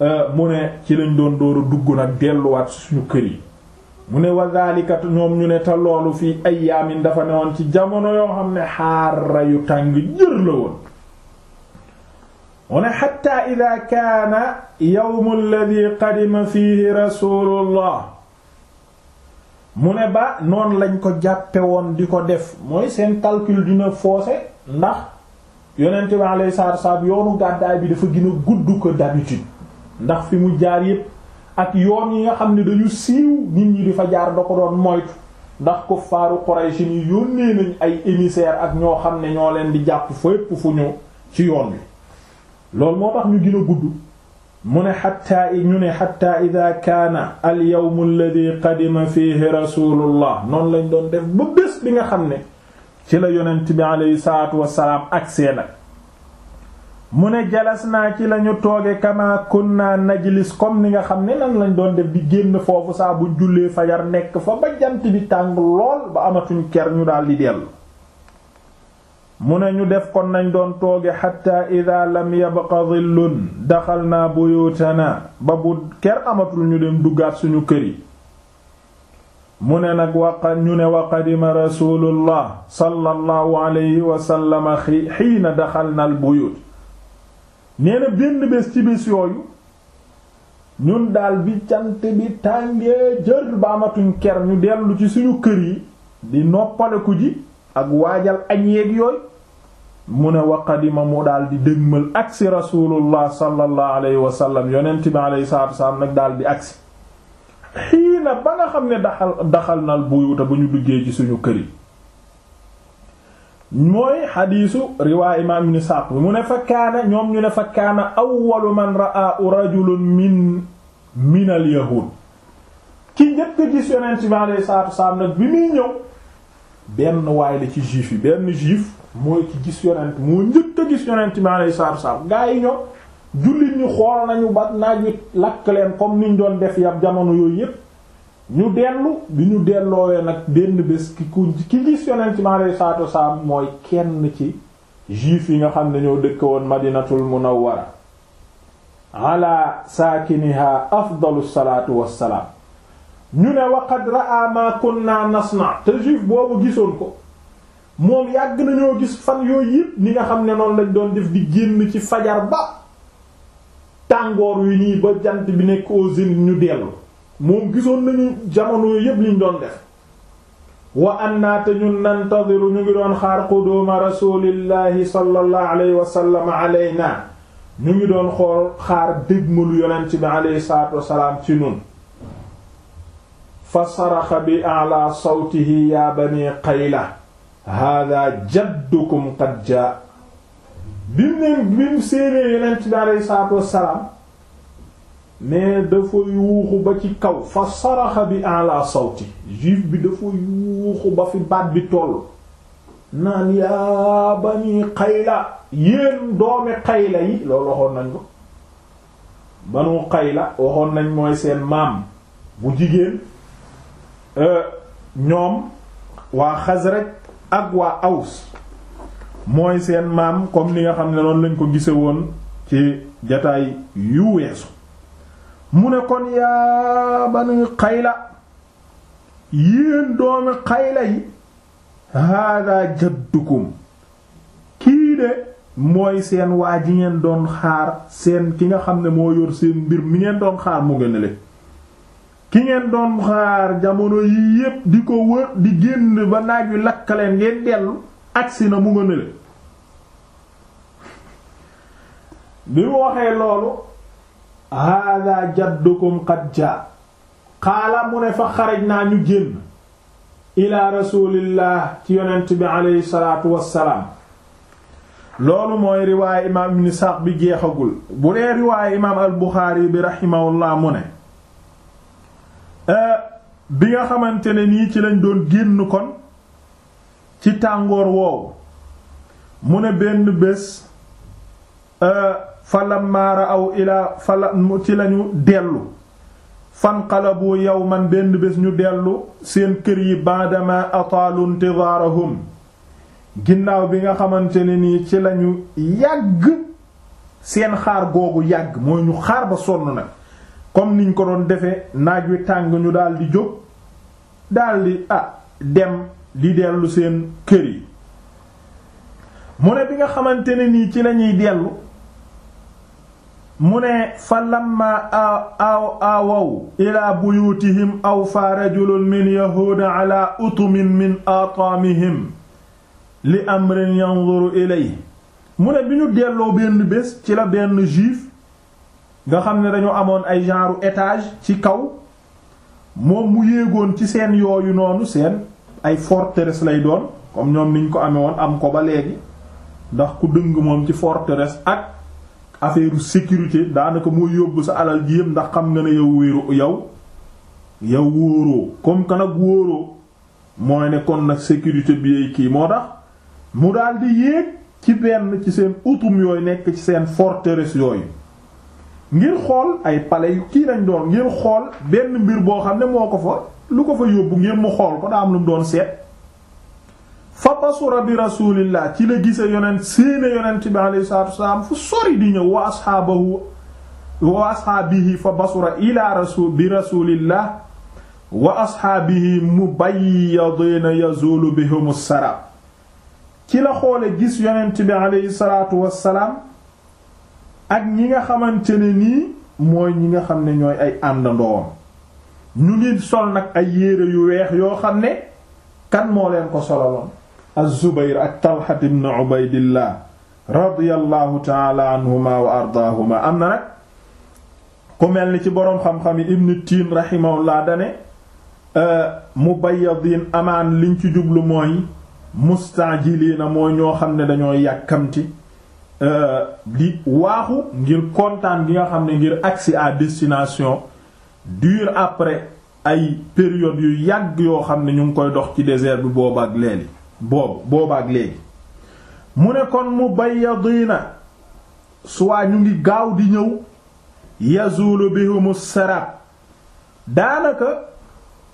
euh, mu ne ci lañ doon dóora dugg nag delluwaat suñu kër yi mu ne wa wazalika ñoom ñu ne te loolu fii ayaamin dafa ne woon ci jamono yoo xam ne xaara yu tàng jër la woon mu ne xatta kaana yawmu alladhi qadima fihi rasulullah mu ne ba noon lañ ko jàppe woon di ko def mooy seen calcul dina foose ndax yonent bi alayhi salaatu wassalaam yoonu gàddaay bi dafa gën a gudd ko d'habitude ndax fi mu jaar yépp ak yoon yi nga xam ne dañu siiw nit ñi di fa jaar da ko doon moytu ndax ko faaru Quraysh ni yónnee nañ ay émissaire ak ñoo xam ne ñoo leen di jàpp foo fépp fu ñu ci yoon wi loolu moo tax ñu gin a gudd mu ne xatta ñu ne xatta ida kaana alyowm alladi qadima fihi rasulullah noonu lañ doon def ba bés bi nga xam ne ci la yonent bi aleyhi salaatu wasalaam agsee mu ne jalas naa ci lañu tooge kama kunna najlis comme ni nga xam ne lan lañ doon def bi génn foofu saabu bu jullee fajar nekk fa ba jant bi tàng lool ba amatuñ ker ñu daal di dellu mu ne ñu def kon nañu doon tooge xatta ida lam yabqa dhillun daxal naa buyutana ba bu ker amatul ñu dem duggaat suñu kër yi mu ne nag waqa ñu ne wa qadima rasulullah sallallahu alayhi wasallama xiina daxal na al buyut nee na benn bés ci bés yooyu ñun daal bi jant bi tàngee jër ba amatuñ ker ñu dellu ci suñu kër yi di noppaleku ji ak waajal añ yeeg yooyu mu ne wa qadima mu daal di dégmal agsi rasulullah sallallahu alayhi wa sallam yonent bi alayhi salaatu nag daal di agsi xiina ba nga xam ne daxal daxal nal buyuta bu ñu duggee ci suñu kër yi mooy xadiisu riwaay imaam ibn Sa'd bi mu ne fa kaana ñoom ñu ne fa kaana awwalu man ra'a rajulun min min al yahuud ki njëkk gis yonent bi alayhi salaatu nag bi muy ñëw benn waay la ci juif yi benn juif mooy ci gis yonent moo njëkk a gis yonent mi alayhi salaatu salaam gaa yi ñoo jullit ñu xool nañu ba naaj wi lakk leen comme niñ doon def yam jamono yooyu yépp ñu dellu bi ñu delloowee nag benn bés ki ku ki gis yonent mi alayhi salaatu mooy kenn ci juif yi nga xam ne ñoo dëkk woon madinatul munawwara ala saakiniha afdalu salaatu wassalaam ñu ne waqad ra'a ma kunna nasna te juif boobu gisoon ko moom yàgg nañoo gis fan yooyu yëpp ni nga xam ne noonu lañ doon def di génn ci fajar ba tàngoor yi nii ba jant bi nekk au ñu dellu moom gisoon nañu jamono yooyu yëpp liñ doon def wa anna te ñun nantadiru ñu ngi doon xaar quduma rasulillahi sallallahu alayhi wa sallam alayna ñu ngi doon xool xaar dégmalu yonent bi alayhi salaatu wasalaam ci nun fa saraxa bi ala sawtihi yaa bani qayla hada jaddukum qad jaa bim leen bim séenee bi aleyhi salaatu wassalaam mais dafa yuuxu ba ci kaw fa saraxa bi ala sawti juif bi dafa yuuxu ba fi baat bi toll naan yaa bani qayla yéen doomi qayla yi loolu waxoon nañ ko banu qayla waxoon nañ mooy seen maam bu jigéen ñoom waa Xasraj ak waa Aws mooy seen maam comme li nga xam ne loon lañ ko gise woon ci jataay yu weesu mu ne kon yaa banu xayla yéen doomi xayla yi jët jaddukum kii de mooy seen waa ji ngeen doon xaar seen ki nga xam ne moo yor seen mbir mi ngeen doon xaar mu gën a ki ngeen doon xaar jamono yii yépp di ko wër di génn ba naaj wi lakkaleen ngeen dellu agsi na mu nga nële bi mu waxee loolu hàdda jaddukum qad jaa xaala mu ne fa xaraj naa ñu génn ila rasulillah ci yonent bi aleyhi salaatu wassalaam loolu mooy riwaaye imaam ibn Isaaq bi jeexagul bu dee riwaaye imaam al Buxaari bi raximahullah mu ne Euh, bi nga xamante ne nii ci lañ doon génn kon ci tàngoor woowu mu ne benn bés euh, falammaara aw ilaa fala ci lañu dellu fanqalabu yawman benn bés ñu dellu seen kër yi baadama ataalu intidaarahum ginnaaw bi nga xamante ne nii ci lañu yàgg seen xaar googu yàgg mooy ñu xaar ba sonn nag comme niñ ko doon defee naaj wi tàng ñu daal di jóg daldi di ah, dem di dellu seen kër yi mu ne bi nga xamante ne nii ci lañuy dellu mu ne fa lamma aw awaw ila buyutihim aw fa rajulun min yahuuda ala utumin min atamihim li amrin yanzuru ilay mu ne bi ñu delloo benn bés ci la benn juif nga xam ne dañu amoon ay genre étage ci kaw moom mu yéegoon ci seen yooyu noonu seen ay forteresse lay doon comme ñoom niñ ko amee woon am ko ba léegi ndax ku dëng moom ci forteresse ak affaire sécurité daanaka moo yóbbu sa alal ji yëpp ndax xam nga ne yow wéeru yow yow wóoroo comme que nag wóoroo mooy ne kon nag sécurité bi kii moo tax mu daal di yéeg ci benn ci seen utum yooyu nekk ci seen forteresse yooyu ngir xool ay palais yu kii nañ doon ngir xool benn mbir boo xam ne moo ko fa lu ko fa yóbbu ngir mu xool ko daa am lu mu doon seet fa basura bi rasulillah ci la gise yonent séene yonent bi alayhi fu sori di ñëw wa ashaabahu wa ashaabihi fa basura ila rasul bi rasulillah wa ashaabihi mubayyadina yazulu bihum as-sarab ci la xoole gis yonent bi alayhi ak ñi nga xamante ne nii mooy ñi nga xam ne ñooy ay àndandoom ñu ngi sol nag ay yére yu weex yoo xam ne kan moo leen ko solaloon az-Zubayr ak Talha ibn Ubaydillah radiyallahu taala anhuma wa ardaahuma am na nag ku mel ni ci boroom xam-xam yi Ibn Tiin rahimahullah dane euh, mubayyadiin amaan liñ ci jublu mooy mustaajiliina mooy ñoo xam ne dañoo yàkkamti Euh, di waaxu ngir kontaan gi nga xam ne ngir agsi à destination dure après ay période yu yàgg yoo xam ne ñu ngi koy dox ci désert bi booba ak léegi boobu booba ak mu ne kon mu bayyadina soit ñu ngi gaaw di ñëw yazulu bihumu sarab daanaka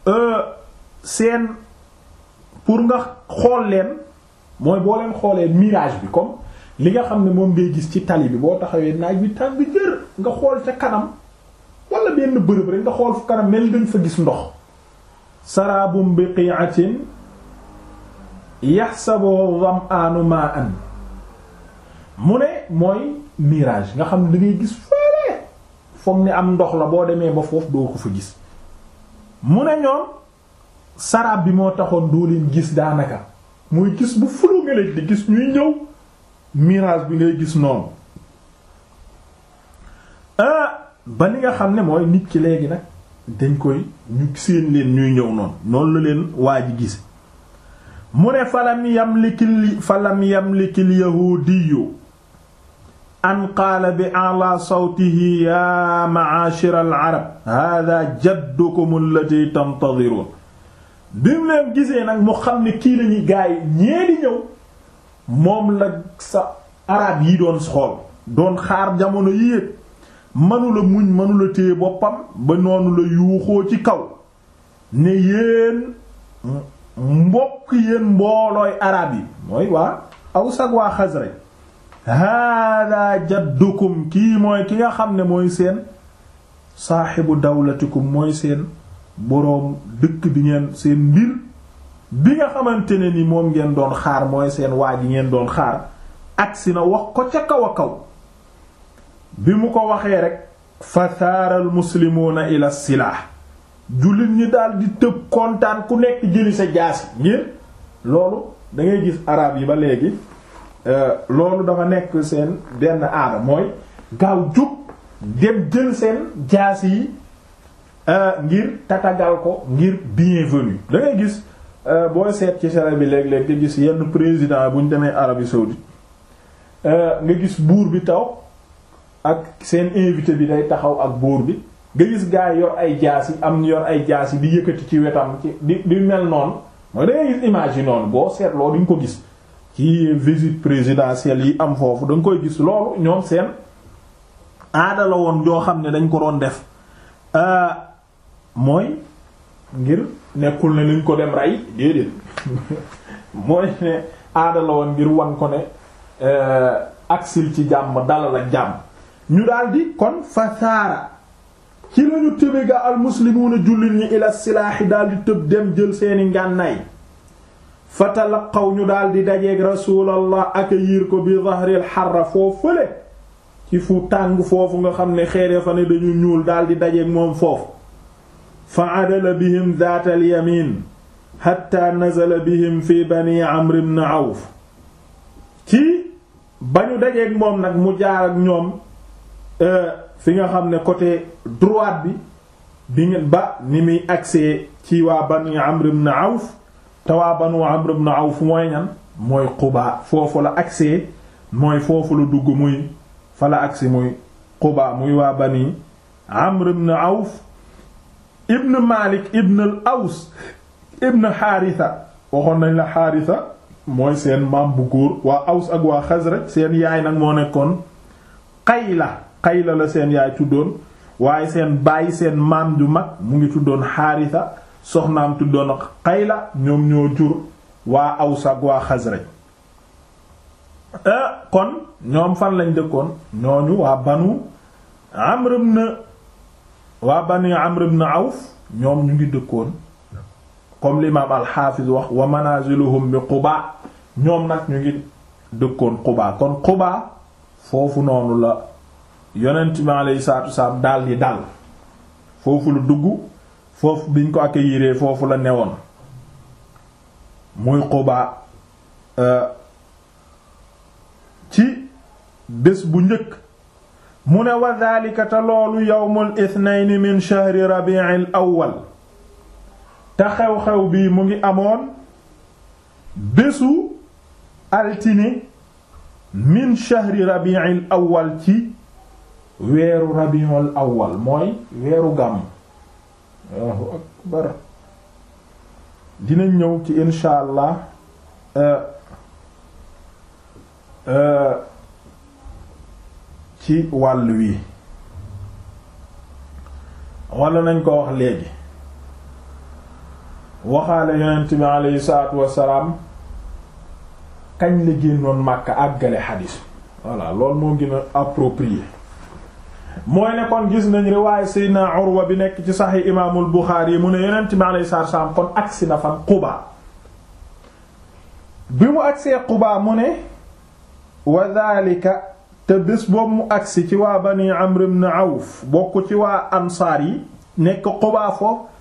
euh, seen pour nga xool leen mooy boo leen xoolee mirage bi comme li nga xam ne moom ngay gis ci tali bi boo taxawee naaj bi tàng jër nga xool ca kanam walla benn bërëb rek nga xool fu kanam mel dañ fa gis ndox sarabum biqi'atin yahsabu dham'anu ma'an mu ne mooy mirage nga xam ne da gis fële foog ni am ndox la boo demee ba foofu doo ko fa gis mu ne ñoom sarab bi moo taxoon doo gis daanaka muy gis bu fulu nga leen di gis ñuy ñëw miraas bi ngay gis noonu ah, ba ni nga xam ne mooy nit ki léegi nag dañ koy ñu seen leen ñuy ñëw noonu noonu la leen waa ji mu ne falam yamlikil falam yamlikil yahudiyu an qaala bi ala sawtihi ya ma'ashira al arab hada jaddukum allati bi mu leen gisee nag mu xam ne kii lañuy gaay ñee di ñëw moom la sa arab yi doon xool doon xaar jamono yi yépp manula muñ manula téye boppam ba noonu la yuuxoo ci kaw ne yéen mbokk yéen mboolooy arab yi mooy waa aw ak waa Xasraj hada jaddukum kii mooy ki nga xam ne mooy seen saaxibu dawlatikum mooy seen boroom dëkk bi ngeen seen mbir bi nga xamante ne ni moom ngeen doon xaar mooy seen waa ji ngeen doon xaar agsi na wax ko ca kaw a kaw bi mu ko waxee rek fa saaral muslimuuna ila silah jullit ñi daal di tëb kontaan ku nekk jëli sa jaasi ngir loolu dangay gis arab yi ba léegi euh, loolu dafa nekk seen benn aada mooy gaaw jug dem jël seen jaasi yi euh, ngir tatagal ko ngir bienvenu da ngay gis Euh, booy seet ci sere bi léeg-léeg nga gis yenn président bu ñu demee Arabie saoudite euh, nga gis buur bi taw ak seen invité bi day taxaw ak buur bi nga gis gaa yor ay jaas yi am yor ay jaas yi di yëkkati ci wetam ci di di mel noonu mooy da image yi noonu boo seetloo duñ ko gis ci visite présidentielle yi am foofu da koy gis loolu ñoom seen aada la joo xam ne dañ ko doon def euh, mooy. ngir nekkul ne nañ ko dem rey déedéet <laughs> mooy ne aada ngir wan ko ne euh, aksil ci jàmm dalal ak jàmm ñu daldi kon fasaara ci lañu tëbe ga al muslimuuna jullit ñi ila silaaxi daldi tëb dem jël seeni ngànnaay fatalaqaw ñu daldi dajeek rasuulallah aka yiir ko bi zahril xarra foofu fële ci fu tàng foofu nga xam ne xeere fa ne dañu ñuul daldi dajeek moom foofu fa adala bihim daat alyamin xatta nazala bihim fi bani amr ibn awf ci ba ñu dajeeg moom nag mu jaar ak ñoom euh, fi nga xam ne côté droite bi bi ngeen ba ni muy agsee ci waa bani amr ibn awf te waa banu amr ibn awf mooy ñan mooy Quba foofu la agsee mooy foofu la dugg muy fa la agsi muy Quba muy waa bani amr ibn awf ibn Malik ibn al Aws ibn Haritha waxoon nañ la Haritha mooy seen maam bu góor waa Aws ak waa Xasraj seen yaay nag moo nekkoon Qayla Qayla la seen yaay tuddoon waaye seen bàyyi seen maam ju mag mu ngi tuddoon Haritha soxnaam tuddoon Qayla ñoom ñoo jur waa Aws ak waa Xasraj eh, kon ñoom fan lañ dëkkoon ñooñu waa banu Amr ibn waa bani amr ibn awf ñoom ñu ngi dëkkoon comme l'imam alxaafiz wax wa manaziluhum bi qubaa ñoom nag ñu ngi dëkkoon qubaa kon qubaa foofu noonu la yonent bi alayhi salaatu wasalaam daal di daal foofu la dugg foofu biñ ko accueillir foofu la newoon muy xubaa euh, ci bés bu njëkk mu ne wa daalika te loolu yawmul ithnayni min shahri rabi'il awwal te xew-xew bii mu ngi amoon bésu altine min shahri rabi'il awwal ci weeru rabi'ul awwal mooy weeru gàmm Allahu ñëw ci insha euh, euh, ci wàll wi wala nañ ko wax léegi waxaale yonent bi aleyhi salaatu wassalaam kañ la génnoon Makka àggale xadiis voilà loolu moo gën approprié mooy ne gis nañ riwaaya Seydina Urwa bi nekk ci Sahih Imaamul Buxaari mu ne yonent bi aleyhi salaatu wassalaam kon agsi na fan Quba bi mu agsee Quba mu ne wa zaalika te bés boobu mu agsi ci waa bani amr ibn auf bokk ci waa ansaar yi nekk xubaa foofu